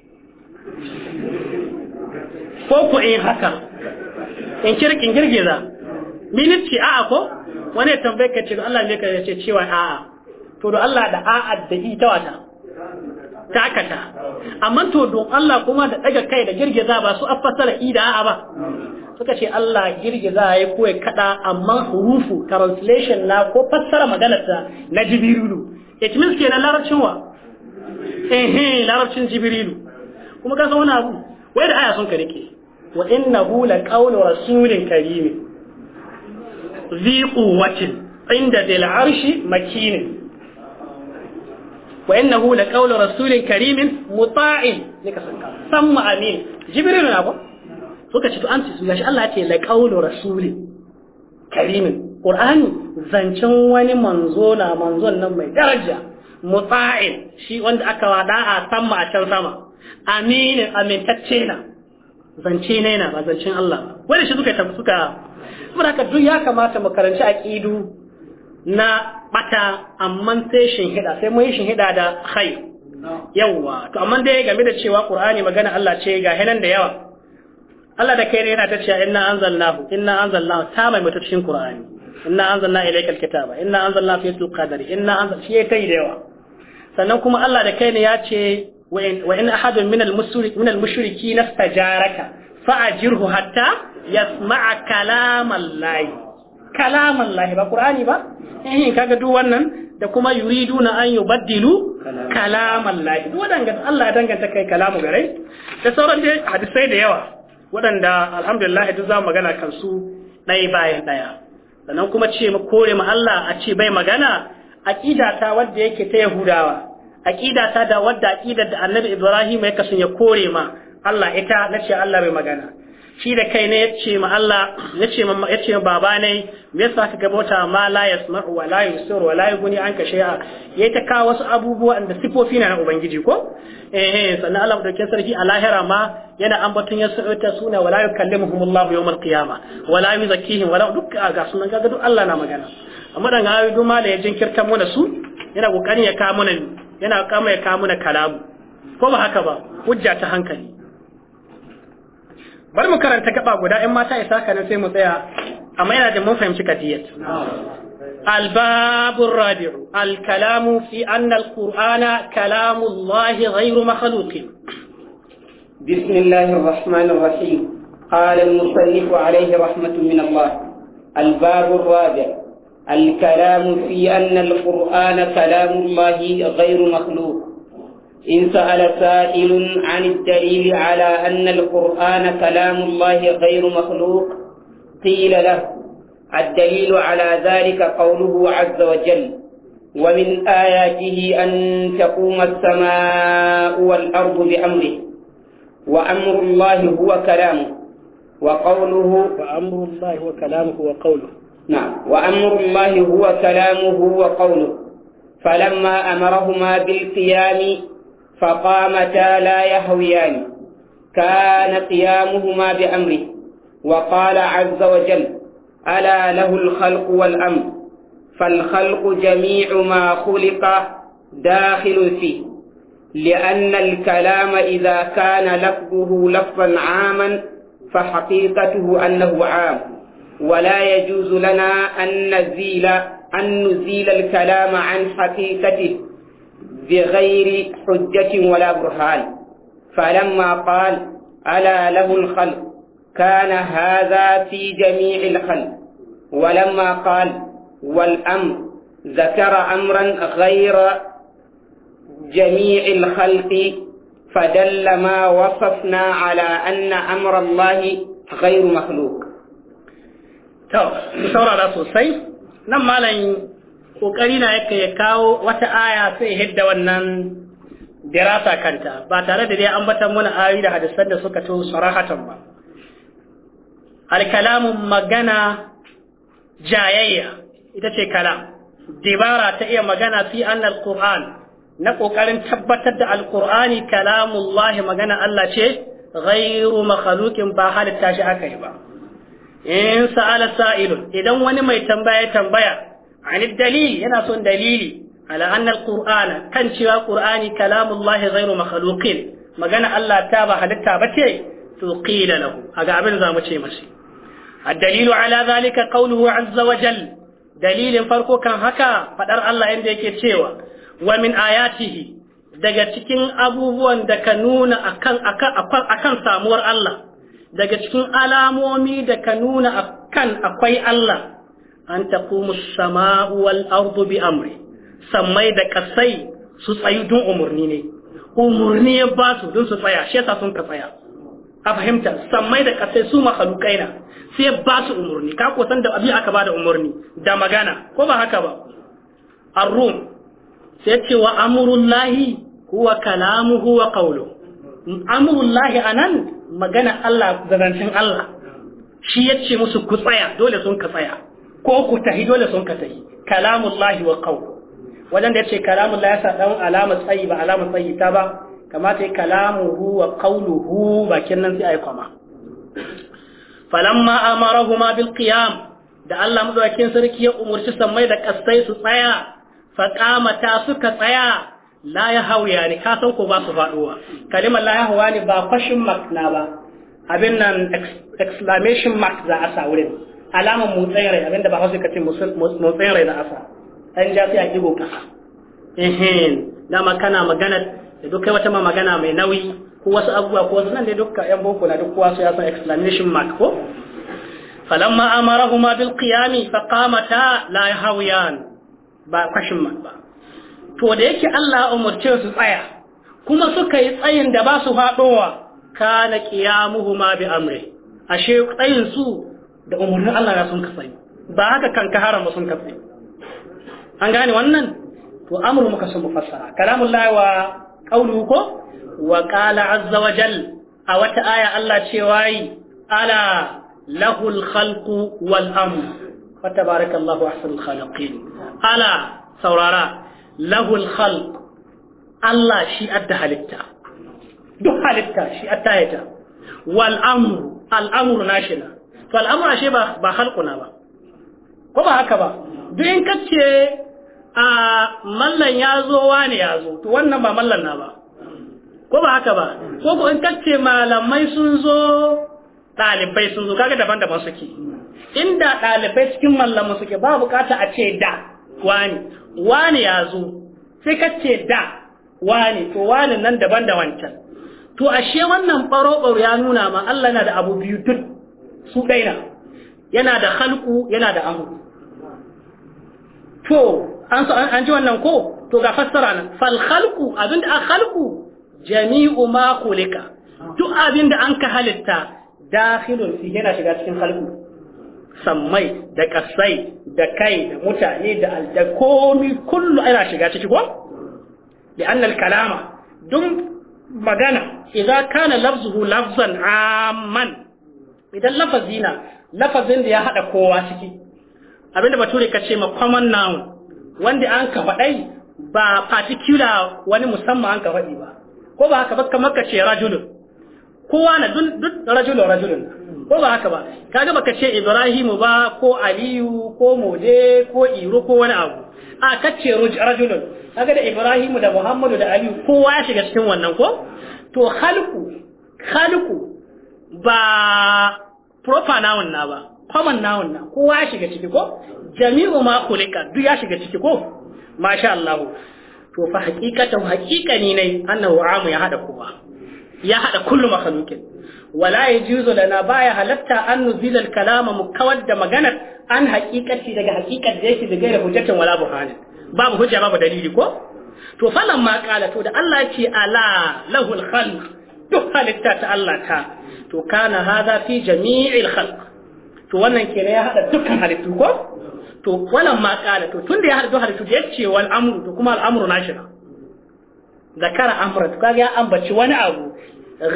ko ku in haka in kirkin girgiza miniti a'a ko wani tambayi ka ce Allah ne ka ce cewa a'a to da Allah da a'a da ita wata dakata amma to don Allah kuma da daga kai da girgiza ba su afasara ida a ba suka ce Allah girgiza ya koyi kada amma hurufu translation na ko fassara maganarsa na jibrilu it means kenan larabcin wa eh larabcin jibrilu kuma ka san wani abu wai da aya sun ka rike wa innahu laqawlu rasulin karim ذي قوة inda dil Arshi, makinin wa innahu la qawlu rasulin karimin muta'in ne ka sanka samma amin jibril na ba suka ci to an su gashi Allah ya ce la qawlu rasulin karimin qur'ani zancen wani manzo na manzon nan mai daraja muta'in shi wanda aka wada a samma a can sama aminin amintacce na zance ne na ba zancen Allah wani shi suka tafi suka saboda haka duk ya kamata mu karanci aqidu na ɓata amma sai shinhida sai mun yi shinhida da khair yawa to amma dai game da cewa qur'ani magana Allah ce ga hinan da yawa Allah da kai ne yana ta cewa inna anzalnahu inna anzalnahu ta mai mutu cikin qur'ani inna anzalna ilayka alkitaba inna anzalna fi laylatil qadri inna anzal shi ta da yawa sannan kuma Allah da kai ne ya ce wa in ahadun min al-mushrik min al-mushriki nastajaraka fa'ajirhu hatta yasma'a kalam Allah kalaman lahi ba ƙur'ani ba eh kaga duk wannan da kuma yuriduna an yubaddilu kalaman lahi duk wadanga Allah ya danganta kai kalamu gare da sauran dai hadisai da yawa waɗanda alhamdulillah duk za magana kan su ɗaya bayan ɗaya sannan kuma ce mu kore mu Allah a ce bai magana aqida ta wadda yake ta yahudawa aqida ta da wadda aqidar da annabi ibrahim ya kasu ya kore ma Allah ita nace Allah bai magana shi da kai ne yace ma Allah yace ma yace ma baba ne me yasa ka gabata ma la yasma'u wa la yusiru wa la yughni anka shay'a yayi ta kawo wasu abubuwa da sifofi na ubangiji ko eh eh sannan Allah dauke sarki a lahira ma yana ambaton ya ta suna wa la yukallimuhumullahu yawmal qiyama wa la yuzakkihim wa la duk ga sunan kaga duk Allah na magana amma dan hawi duma da ya jinkirta mu da su yana kokarin ya kawo mana yana kama ya kawo mana kalamu ko ba haka ba hujja ta hankali bari mu karanta kaba guda in mata isa kanin sai mu tsaya amma yana da mun fahimci kadiyat albabu rabi'u alkalamu fi anna alqur'ana kalamu allahi ghayru makhluqin bismillahir rahmanir rahim qala al-musallifu alayhi rahmatun min allah albabu rabi'u الكلام في أن القرآن كلام الله غير إن سأل سائل عن الدليل على أن القرآن كلام الله غير مخلوق قيل له الدليل على ذلك قوله عز وجل ومن آياته أن تقوم السماء والأرض بأمره وأمر الله هو كلامه وقوله وأمر الله هو كلامه وقوله نعم وأمر الله هو كلامه وقوله فلما أمرهما بالقيام فقامتا لا يهويان كان قيامهما بأمره وقال عز وجل ألا له الخلق والأمر فالخلق جميع ما خلق داخل فيه لأن الكلام إذا كان لفظه لفظا عاما فحقيقته أنه عام ولا يجوز لنا أن نزيل أن نزيل الكلام عن حقيقته بغير حجة ولا برهان فلما قال ألا له الخلق كان هذا في جميع الخلق ولما قال والأمر ذكر أمرا غير جميع الخلق فدل ما وصفنا على أن أمر الله غير مخلوق. To, saurara sosai, nan malam Ƙoƙari na yake ya kawo wata aya sai hidda wannan dirasa kanta ba tare da dai an bata mana ayoyi da hadisan da suka to sarahatan ba al magana jayayya ita ce kalam dibara ta iya magana fi annal qur'an na ƙoƙarin tabbatar da alqur'ani kalamullahi magana Allah ce ghairu makhluqin ba halitta shi aka yi ba in sa'ala sa'ilun idan wani mai tambaya tambaya anid dalili yana son dalili ala la'anar alqur'ana kan cewa qur'ani kalamullahi ghairu makhluqin magana Allah ta ba halitta bace to qila lahu aga abin za mu ce mashi ala على ذلك قوله عز وجل dalilin farko kan haka فدر Allah inda yake cewa wa min ayatihi daga cikin abubuwan da ka nuna akan akan akan samuwar Allah daga cikin alamomi da ka nuna akan akwai Allah an taqumu as wal ardu bi amri sammai da kasai su tsayu don umarni ne umurni ya ba su don su tsaya shi yasa sun ka tsaya a fahimta sammai da kasai su makhlukai na sai ba su umarni ka ko san da biyu aka ba da umarni. da magana ko ba haka ba ar-rum sai ce wa amurullahi huwa kalamu wa qawluhu amurullahi anan magana Allah da Allah shi yace musu ku tsaya dole sun ka tsaya ko ku tahi dole sun ka tahi kalamullahi wa qawl wajen da yace kalamullahi ya sa dan alama tsayi ba alama tsayi ta ba kamata yi kalamuhu wa qawluhu bakin nan sai ayi kwama falamma amarahuma bil da Allah madaukakin sarki ya umarci sammai da kastai su tsaya faqamata suka tsaya la ya hauya ne ka san ko ba su faɗowa, kalimar la ya hawa ne ba fashin na ba abin nan exclamation mark za a sa wurin alaman motsayin rai abinda ba hausa kace motsayin rai na asa an ja sai a kigo kasa ehin dama kana magana da duk wata ma magana mai nauyi ko wasu abubuwa ko wasu nan da dukkan yan boko na duk kowa su ya san explanation mark ko falamma amarahuma bil qiyami qamata la yahawiyan ba question mark ba to da yake Allah umurce su tsaya kuma suka yi tsayin da ba su faɗowa kana qiyamuhuma bi amri ashe tsayin su da umarnin Allah ya sun kasai ba haka kan ka harama sun kasai an gane wannan to amru muka sun mufassara kalamullahi wa qawluhu ko wa qala azza wa jal a wata aya Allah ce wai. ala lahul khalqu wal amru fa tabarakallahu ahsanul khaliqin ala saurara lahul khalq Allah shi adda halitta duk halitta shi attayata wal amru al amru nashina to al'amura ashe ba halkuna ba ko ba haka ba duk in kace a mallan ya zo wani ya zo to wannan ba mallan na ba ko ba haka ba ko ko in kace malamai sun zo ɗalibai sun zo kaga daban-daban suke inda ɗalibai cikin mallamu suke ba bukata a ce da wani wani ya zo sai kace da wani to wani nan daban da wancan to ashe wannan baro-baro ya nuna ma Allah na da abu biyu duk su ɗaina yana da halku yana da amru to an ji wannan ko to ga fassara nan fal khalqu abinda da khalqu jami'u ma khuliqa duk abinda an ka halitta dakhilun fi yana shiga cikin khalqu sammai da kasai da kai da mutane da alda komi kullu ana shiga ciki ko kalama الكلام دم مغانا إذا كان لفظه لفظا عاما idan lafazi na lafazin da ya hada kowa ciki abinda bature ka ce ma common noun wanda an ka faɗai ba particular wani musamman an ka faɗi ba ko ba haka ba kamar ka ce rajulun kowa na duk rajulun rajulun ko ba haka ba kaga baka ce Ibrahimu ba ko Aliyu ko Mode ko Iro ko wani abu a kace rajulun kaga da Ibrahimu da Muhammadu da Aliyu kowa ya shiga cikin wannan ko to khalqu khalqu ba proper noun na ba common noun na kowa ya shiga ciki ko jami'u ma kulika duk ya shiga ciki ko masha Allah to fa haqiqatan haqiqani ne annahu amu ya hada kowa ya hada kullu makhluqin wala yajuzu lana baya halatta an nuzila al-kalama mukawad da maganar an haqiqati daga haqiqat da yake daga da hujjatin wala burhan babu hujja babu dalili ko to falan ma qala to da Allah ce ala lahul khalq duk halitta ta Allah ta to kana hada fi jami'il khalq to wannan kenan ya hada dukkan halittu ko to wannan ma kana to tunda ya hada dukkan halittu ya ce wal amru to kuma al amru nashi na zakara amra to kaga ya ambaci wani abu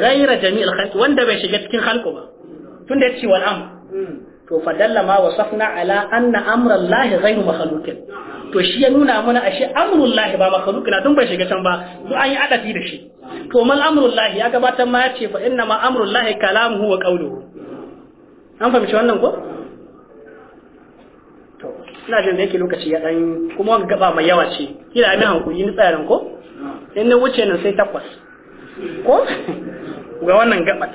ghaira jami'il khalq wanda bai shiga cikin khalqu ba tunda ya ce wal amru to fa fadalla wa safna ala anna amran lahi ghairu makhluqin to shi ya nuna mana ashe amrul lahi ba makhluqina don bai shiga can ba to an yi adafi da shi to mal amrul lahi ya gabatar ma ya ce fa inna ma amrul lahi kalamuhu wa qawluhu an fahimci wannan ko to ina jin da yake lokaci ya dan kuma wanga gaba mai yawa ce kila mai kuyi ni tsayaran ko in na wuce nan sai takwas ko ga wannan gabat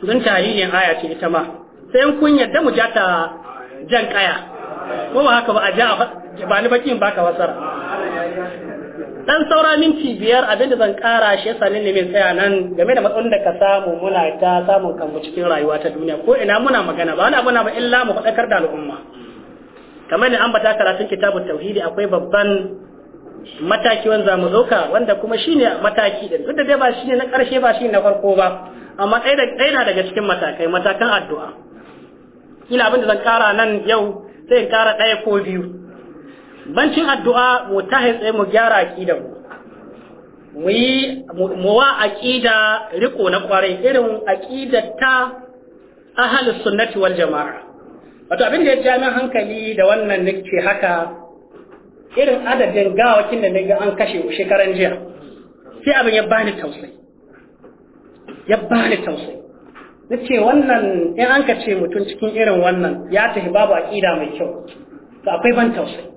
don tarihin aya ce ita ma sai kun yadda mu ja ta jan kaya ko ba haka ba a ja ba ni bakin baka wasar dan saura minti biyar abinda zan kara shi yasa ne neman tsaya nan game da matsalolin da ka samu muna ta samun kanmu cikin rayuwa ta duniya ko ina muna magana ba wani abu na ba illa mu faɗakar da al'umma kamar an bata karatun kitabun tauhidi akwai babban mataki wanda mu ɗauka wanda kuma shine mataki din duk da dai ba shine na ƙarshe ba shine na farko ba amma ɗaya na daga cikin matakai matakan addu'a ina abin da zan kara nan yau sai in kara ɗaya ko biyu bancin addu'a mu ta tsaye mu gyara aqidar mu yi mu wa ƙida riko na ƙwarai irin ƙida ta ahal sunnati wal jama'a wato abin da ya jami hankali da wannan nake haka irin adadin gawakin da naga an kashe shekaran jiya sai abin ya bani tausayi ya bani tausayi nace wannan in an ka ce mutum cikin irin wannan ya tafi babu aqida mai kyau to akwai ban tausayi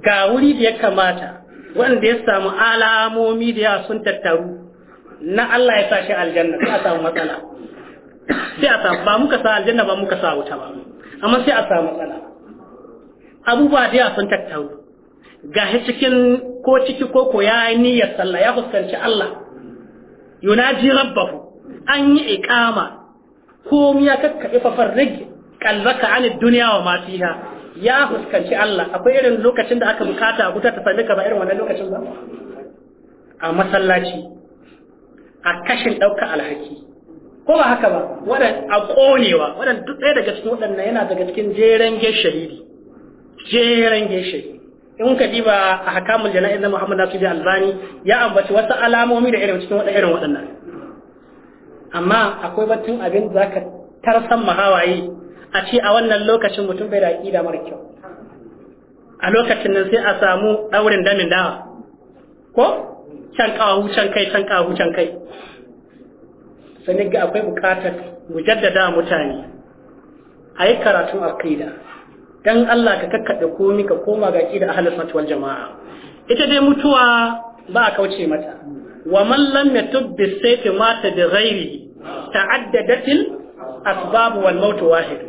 ga wuri da ya kamata wanda ya samu alamomi da yawa sun tattaru na Allah ya sa shi aljanna sai a samu matsala sai a samu ba muka sa aljanna ba muka sa wuta ba amma sai a samu matsala abubuwa da yawa sun tattaru ga shi cikin ko ciki ko ko ya yi niyyar sallah ya fuskanci Allah yunaji rabbahu an yi iqama komi ya kakkaɓe fafar rage kalbaka an duniya wa ma fiha ya fuskanci Allah akwai irin lokacin da aka bukata guta ta sami ka ba irin wannan lokacin ba a masallaci a kashin ɗaukar alhaki ko ba haka ba wadan a konewa wadan duk ɗaya daga cikin waɗannan yana daga cikin jeren shahidi jeren shahidi in ka diba a hakamul jana'iz na Muhammad Nasiru Albani ya ambaci wasu alamomi da irin cikin waɗannan amma akwai batun abin da zaka tarsan mahawayi a ce a wannan lokacin mutum bai da aƙida mara kyau a lokacin nan sai a samu ɗaurin damin dawa ko can kawahu can kai can kawahu can kai sai ga akwai buƙatar mu jaddada mutane a yi karatun aƙida dan Allah ka kakkaɗe komi ka koma ga aƙida a sunnah wal jamaa ita dai mutuwa ba a kauce mata wa man lam yatub bi sayfi mata bi ghairihi ta'addadatil asbab wal maut wahid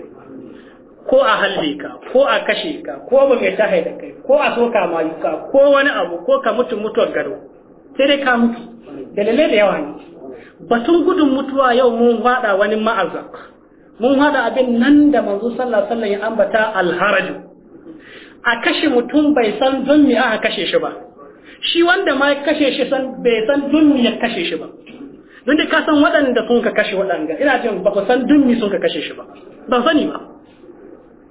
ko a halle ka ko a kashe ka ko ba mai ta haida kai ko a soka mayuka ko wani abu ko ka mutu mutuwar gado sai dai ka mutu dalilai da yawa ne batun gudun mutuwa yau mun fada wani ma'azak mun fada abin nan da manzo sallallahu alaihi wasallam ya ambata alharaju a kashe mutum bai san don me aka kashe shi ba shi wanda ma ya kashe shi san bai san don me ya kashe shi ba don da ka san waɗanda sun ka kashe waɗanda ina jin ba ku san dummi sun ka kashe shi ba ban sani ba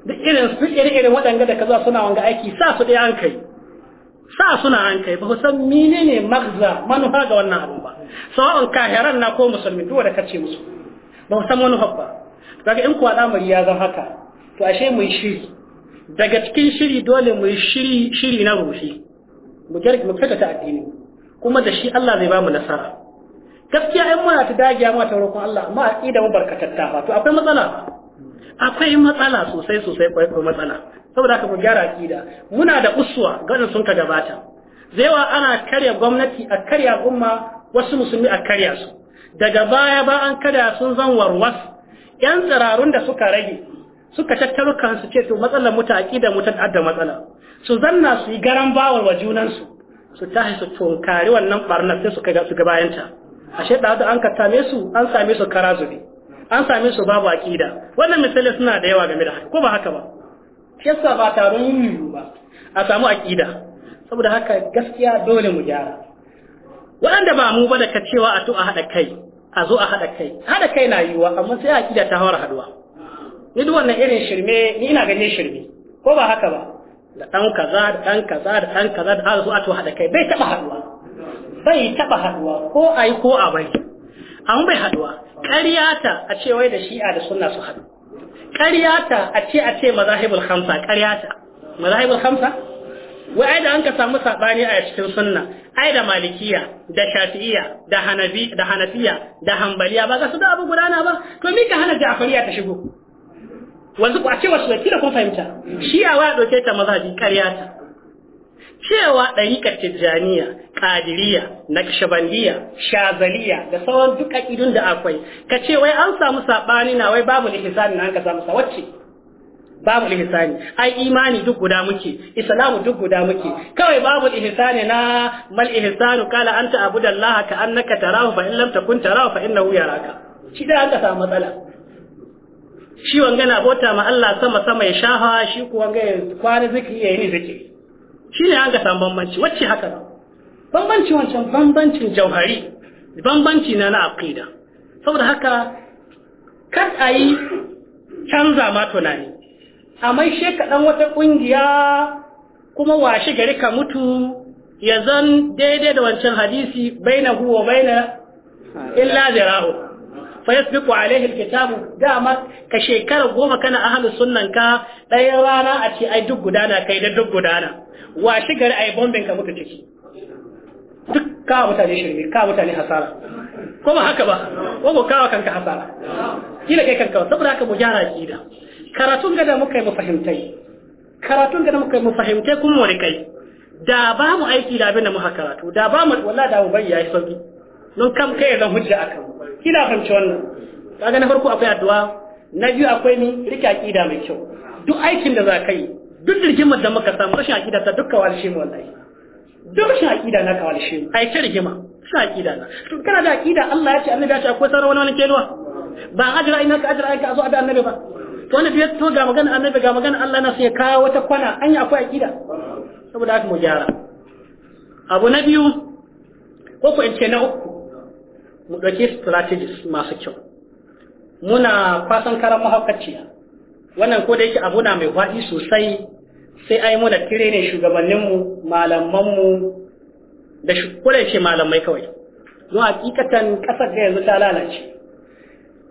da irin su irin waɗanda da ka za suna wanga aiki sa su ɗaya an kai sa suna an kai ba ku san mine ne magza manufa ga wannan abu ba sawa'un kahiran na ko musulmi duk da kace musu ba ku san manufa ba daga in kuwa al'amari ya zan haka to ashe mu shiri daga cikin shiri dole mu shiri shiri na rufi mu fita ta addini kuma da shi Allah zai ba mu nasara gaskiya 'yan muna ta dagiya muna ta roƙon Allah amma a mu barkatatta ba to akwai matsala akwai matsala sosai sosai akwai matsala saboda haka gyara akida muna da uswa ga sun ka gabata zaiwa ana karya gwamnati a karya umma wasu musulmi a karya su daga baya ba an karya sun zan warwas yan tsirarun da suka rage suka tattaru kansu ce to matsalar mu ta akida mu ta adda matsala su zanna su yi garan bawar wa junansu su tashi su tunkari wannan barnar sai su ga su gabayanta ashe da an ka same su an same su kara zube an same su babu aqida wannan misali suna da yawa game da ko ba haka ba shi ba taron yin yiwu ba a samu aqida saboda haka gaskiya dole mu gyara waɗanda ba mu ba da cewa a to a haɗa kai a zo a haɗa kai haɗa kai na yiwuwa amma sai aqida ta hawar haduwa ni duk wannan irin shirme ni ina ganin shirme ko ba haka ba da ɗan kaza da ɗan kaza da ɗan kaza da har zo a to haɗa kai bai taɓa haɗuwa bai taba haduwa ko a yi ko a bai an bai haduwa ƙaryata a ce wai da shi'a da sunna su haɗu ƙaryata a ce a ce mazahibul hamsa ƙaryata mazahibul hamsa wai ai da an ka samu saɓani a cikin sunna ai da malikiya da shafi'iya da hanabi da hanafiya da hanbaliya ba ga su da abu gudana ba to me ka hana ja'fariya ta shigo wanzu ku a ce wasu da kun fahimta shi'a wa ɗauke ta mazhabi ƙaryata cewa ɗariƙar tijjaniya ƙadiriya shabandiya, shazaliya da sauran duka idun da akwai ka ce wai an samu saɓani na wai babu lihisani na an ka samu sa wacce babu lihisani ai imani duk guda muke islamu duk guda muke kawai babu lihisani na mal ihsanu kala anta abudallaha ka annaka tarahu fa in lam takun tarahu fa innahu yaraka shi da an ka samu matsala shi wanga na bota ma Allah sama sama ya shafa shi kuwa ga kwana zikiri ya yi zikiri shi ne an ga samun bambanci wacce haka bambanci wancan bambancin jauhari bambanci na na aqida saboda haka kar a yi canza ma tunani a mai she kaɗan wata ƙungiya kuma washe gari ka mutu ya zan daidai da wancan hadisi bai na huwa bai na illa zira'u fa yasbiqu alaihi alkitabu dama ka shekara goma kana ahli sunnan ka ɗayan rana a ce ai duk gudana kai da duk gudana wa shigar ai bombin ka muka ciki duk ka mutane shirme ka mutane hasara ko ba haka ba ko kawa kanka hasara kila kai kanka saboda haka mu gyara da karatun gada muka yi mu fahimtai karatun gada muka yi mu fahimtai kuma mu rikai da ba mu aiki da abin da muka karatu da ba mu wallahi da mu bayyana sauki don kam kai ya zama hujja akan kina fahimci wannan kaga na farko akwai addu'a na biyu akwai ni rike aqida mai kyau duk aikin da za ka yi duk rigimar da muka samu rashin aqida ta dukkan walshe mu wallahi duk rashin aqida na ka walshe mu ai ta rigima rashin aqida na to kana da aqida Allah ya ce annabi ya ce akwai sauran wani wani kenuwa ba ajira ina ka ajira ai ka zo da annabi ba to wani biyar to ga magana annabi ga magana Allah na sai kawo wata kwana an yi akwai aqida saboda haka mu gyara abu na biyu ko ku in ce na uku mu ɗauki strategies masu kyau muna kwasan karan mahaukaci wannan ko da yake abu na mai faɗi sosai sai ai muna kire ne shugabanninmu malamanmu da shi malamai kawai don hakikatan ƙasar da yanzu ta lalace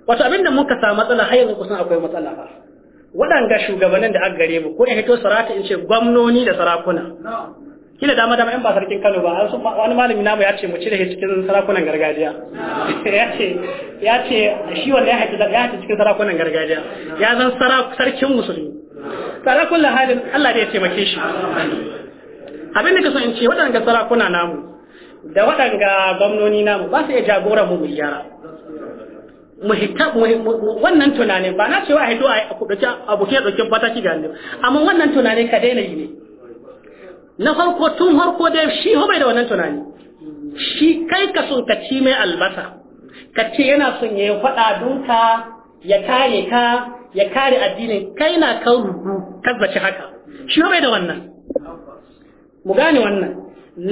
wato abin da muka samu matsala har yanzu kusan akwai matsala ba waɗanga shugabannin da aka gare mu ko in hito sarata in ce gwamnoni da sarakuna kila dama dama yan ba sarkin Kano ba wani malami namu ya ce mu cire shi cikin sarakunan gargajiya ya ce ya ce shi wanda ya haifi ya haifi cikin sarakunan gargajiya ya zan sarkin musulmi sarakun lahadin Allah da ya taimake shi abin da ka so in ce waɗanga sarakuna namu da waɗanga gwamnoni namu ba su iya jagora mu mu gyara wannan tunanin ba na cewa haido a kudace abokin ya ɗauki ki ga amma wannan tunanin ka daina yi ne na farko tun harko da shi ho da wannan tunani shi kai ka son ka mai albasa ka yana son ya yi faɗa dunka ya kare ka ya kare addinin kai na kan rubu tabbaci haka shi ho da wannan mu gane wannan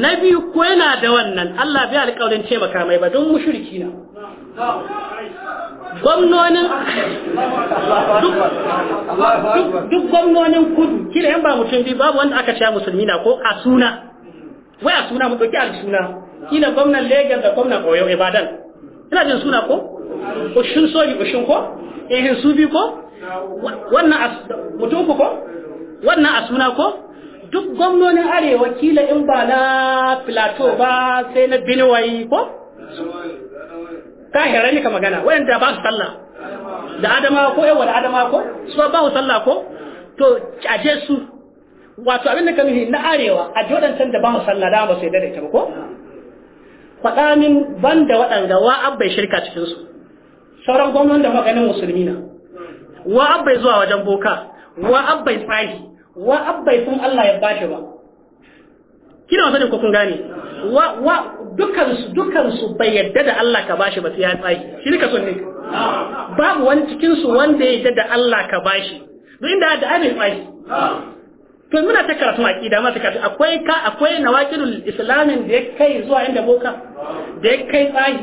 na biyu ko yana da wannan Allah bai alƙawarin taimaka mai ba don mushriki na gwamnonin duk gwamnonin kudu kira yan ba mutum biyu babu wanda aka cewa musulmi na ko a suna wai a suna mu ɗauki a suna kila gwamnan Legas da gwamnan Oyo Ibadan ina jin suna ko ushin soji ushin ko ehin su bi ko wannan mutum ko wannan a suna ko duk gwamnonin arewa kila in ba na plateau ba sai na Benue ko kahirai ne ka magana wayanda ba su sallah da adama ko yawa da adama ko su ba su sallah ko to a je su wato abin da ka nufi na arewa a ji waɗancan da ba su sallah da ba su yadda da ke ko faɗa min ban da waɗanda wa abbai shirka cikin su sauran gwamnan da maganin musulmi na wa abbai zuwa wajen boka wa abbai tsahi wa abbai sun Allah ya bashi ba kina wasa da kun gane wa wa dukansu dukansu bai yadda da Allah ka bashi ba sai ya tsayi shi ka son ne babu wani cikin su wanda ya yadda da Allah ka bashi duk inda da abin tsayi to muna ta karatu aqida ma ta karatu akwai ka akwai nawaqidul islamin da ya kai zuwa inda boka da ya kai tsayi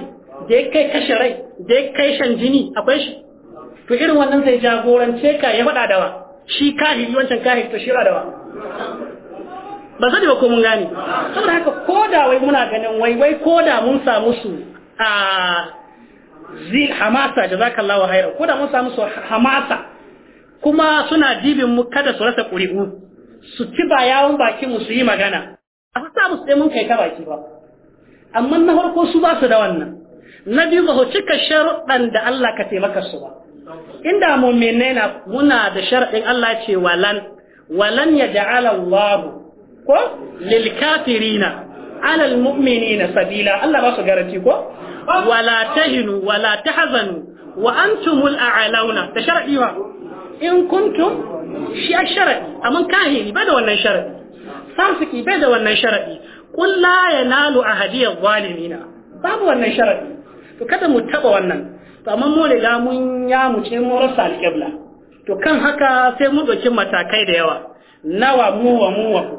da ya kai kashe rai da ya kai shan jini akwai shi to irin wannan sai jagorance ka ya faɗa dawa shi kahiri wancan kahiri to shi dawa ba sani ba ko mun gani saboda haka koda wai muna ganin wai wai koda mun samu su a zi hamasa jazakallahu khairan koda mun samu su hamasa kuma suna dibin mu kada su rasa ƙuri'u su ci ba yawon bakin mu su yi magana a sa mu sai mun kai ka baki ba amma na farko su ba su da wannan na biyu ba su cika sharuɗan da Allah ka taimaka su ba inda mu menene muna da sharuɗin Allah ce walan walan ya ja'ala ko lil kafirina alal mu'minina sabila Allah ba su garanti ko wala tahinu wala tahzanu wa antumul a'launa da sharadi ba in kuntum shi sharadi amma kahiri ba da wannan sharadi fasiki bai da wannan sharadi qul la yanalu ahadiyaz zalimina babu wannan sharadi to kada mu taba wannan to amma mu riga mun ya mu ce mu rasa alqibla to kan haka sai mu dauki matakai da yawa nawa mu wa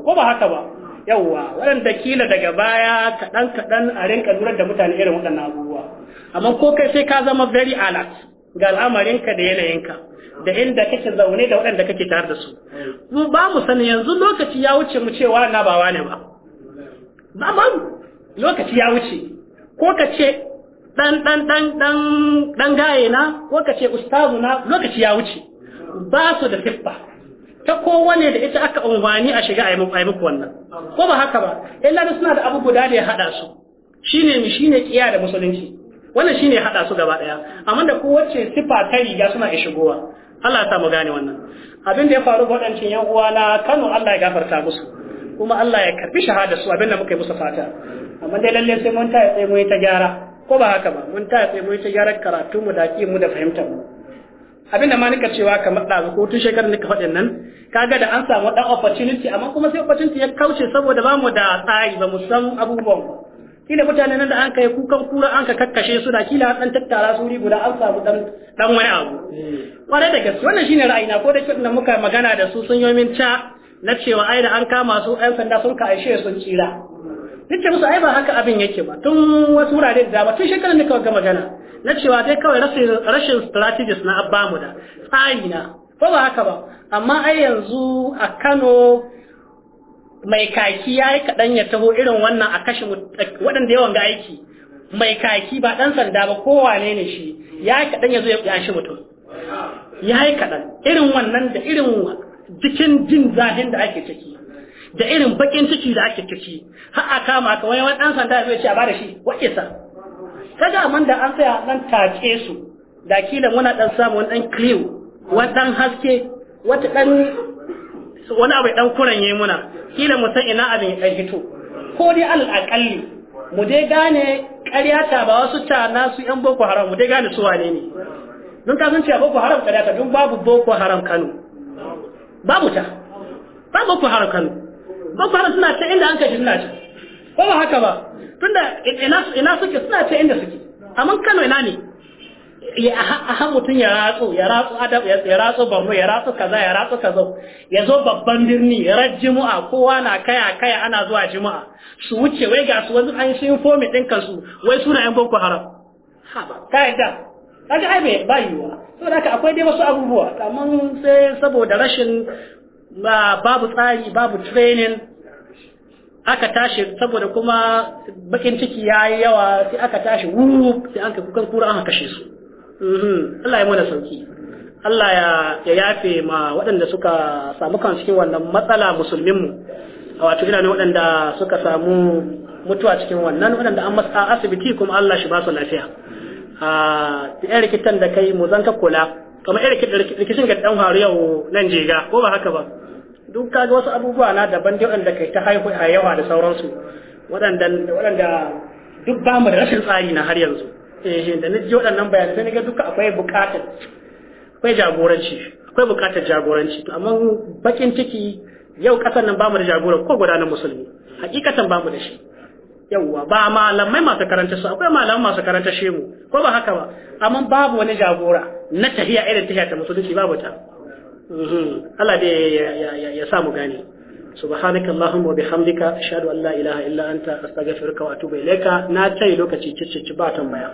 ko ba haka ba yawwa waɗanda kila daga baya kaɗan kaɗan a rinka lura da mutane irin waɗannan abubuwa amma ko kai sai ka zama very alert ga al'amarinka da yanayin ka da inda kake zaune da waɗanda kake tare da su mu ba mu sani yanzu lokaci ya wuce mu wa na ba wane ba ba ba lokaci ya wuce ko ka ce dan dan dan dan dan gaye ko ka ce ustazu na lokaci ya wuce ba su da siffa ta kowane da ita aka unwani a shiga a yi muku wannan ko ba haka ba illa da suna da abu guda da ya haɗa su shine mi shine kiya da musulunci wannan shine haɗa su gaba ɗaya amma da kowace sifa ta riga suna ya shigowa Allah ya samu gane wannan abin da ya faru waɗancan yan uwa na Kano Allah ya gafarta musu kuma Allah ya karfi shahada su abin da muka yi musu fata amma dai lalle sai mun ta tsaye mu ta gyara ko ba haka ba mun ta tsaye mu ta gyara karatu mu da mu da fahimtar mu abinda ma nika cewa kamar ɗazu ko tun shekarar nika faɗin nan kaga da an samu ɗan opportunity amma kuma sai opportunity ya kauce saboda ba mu da tsari ba mu san abubuwan kila mutane nan da an kai kukan kura an ka kakkashe su da kila an tattara su wuri guda an samu dan dan wani abu kwarai da gaske wannan shine ra'ayina ko da da muka magana da su sun yomin ca na cewa ai da an kama su ɗan sanda sun ka aishe sun tsira nace musu ai ba haka abin yake ba tun wasu wurare da dama tun shekarar nika ga magana na cewa dai kawai rashin strategist na abba mu da tsari na ko ba haka ba amma ai yanzu a Kano mai kaki ya yi kaɗan ya taho irin wannan a kashe waɗanda yawan ga aiki mai kaki ba ɗan sanda ba kowa ne shi ya yi kaɗan ya zo ya shi mutum ya yi kaɗan irin wannan da irin jikin jin zafin da ake ciki da irin bakin ciki da ake ciki har a kama ka wani ɗan sanda ya ce a ba da shi wa'isa kaga man da an tsaya nan take su da kila muna dan samu wani dan clue wani dan haske wata dan wani abu dan kuranye muna kila mu san ina abin dan hito ko dai al aqalli mu dai gane ƙarya ta ba wasu ta nasu yan boko haram mu dai gane su wane ne mun ka san cewa boko haram ƙarya ta don babu boko haram Kano babu ta babu boko haram Kano boko haram suna ta inda an ji suna ta ko ba haka ba tunda ina suke suna ce inda suke amma Kano ina ne a ha mutum ya ratso ya ratso adab ya ratso barno ya ratso kaza ya ratso kaza ya zo babban birni ya rar jimu'a kowa na kaya kaya ana zuwa jimu'a su wuce wai ga su wani an shi fomi din kansu wai suna yan boko haram ha ba kai da kaga ai bai bayuwa saboda haka akwai dai wasu abubuwa amma sai saboda rashin babu tsari babu training aka tashi saboda kuma bakin ciki ya yi yawa sai aka tashi wuf sai an kukan kura an kashe su mhm. Allah ya mana sauki Allah ya yafe ma waɗanda suka samu kan cikin wannan matsala musulminmu wato ina ne waɗanda suka samu mutuwa cikin wannan waɗanda an matsa asibiti kuma Allah shi ba su lafiya ah, a yan rikitan da kai mu zan ka kula kamar yan rikicin ga ɗan faru yau nan jega ko ba haka ba duk kaga wasu abubuwa na daban da waɗanda kai ta haihu a yawa da sauransu waɗanda duk ba mu da rashin tsari na har yanzu eh da ni ji waɗannan bayanai sai ga duka akwai buƙatar akwai jagoranci akwai buƙatar jagoranci to amma bakin ciki yau ƙasar nan ba mu da jagora ko guda na musulmi hakikatan ba mu da shi yawwa ba malamai masu karanta su akwai malamai masu karanta shemu ko ba haka ba amma babu wani jagora na tahiya irin tahiya ta musulunci babu ta Mhm. Allah dai ya sa mu gane subhanaka allahumma wa bihamdika ashhadu an la ilaha illa anta astaghfiruka wa atubu ilayka na tai lokaci cicci ba tambaya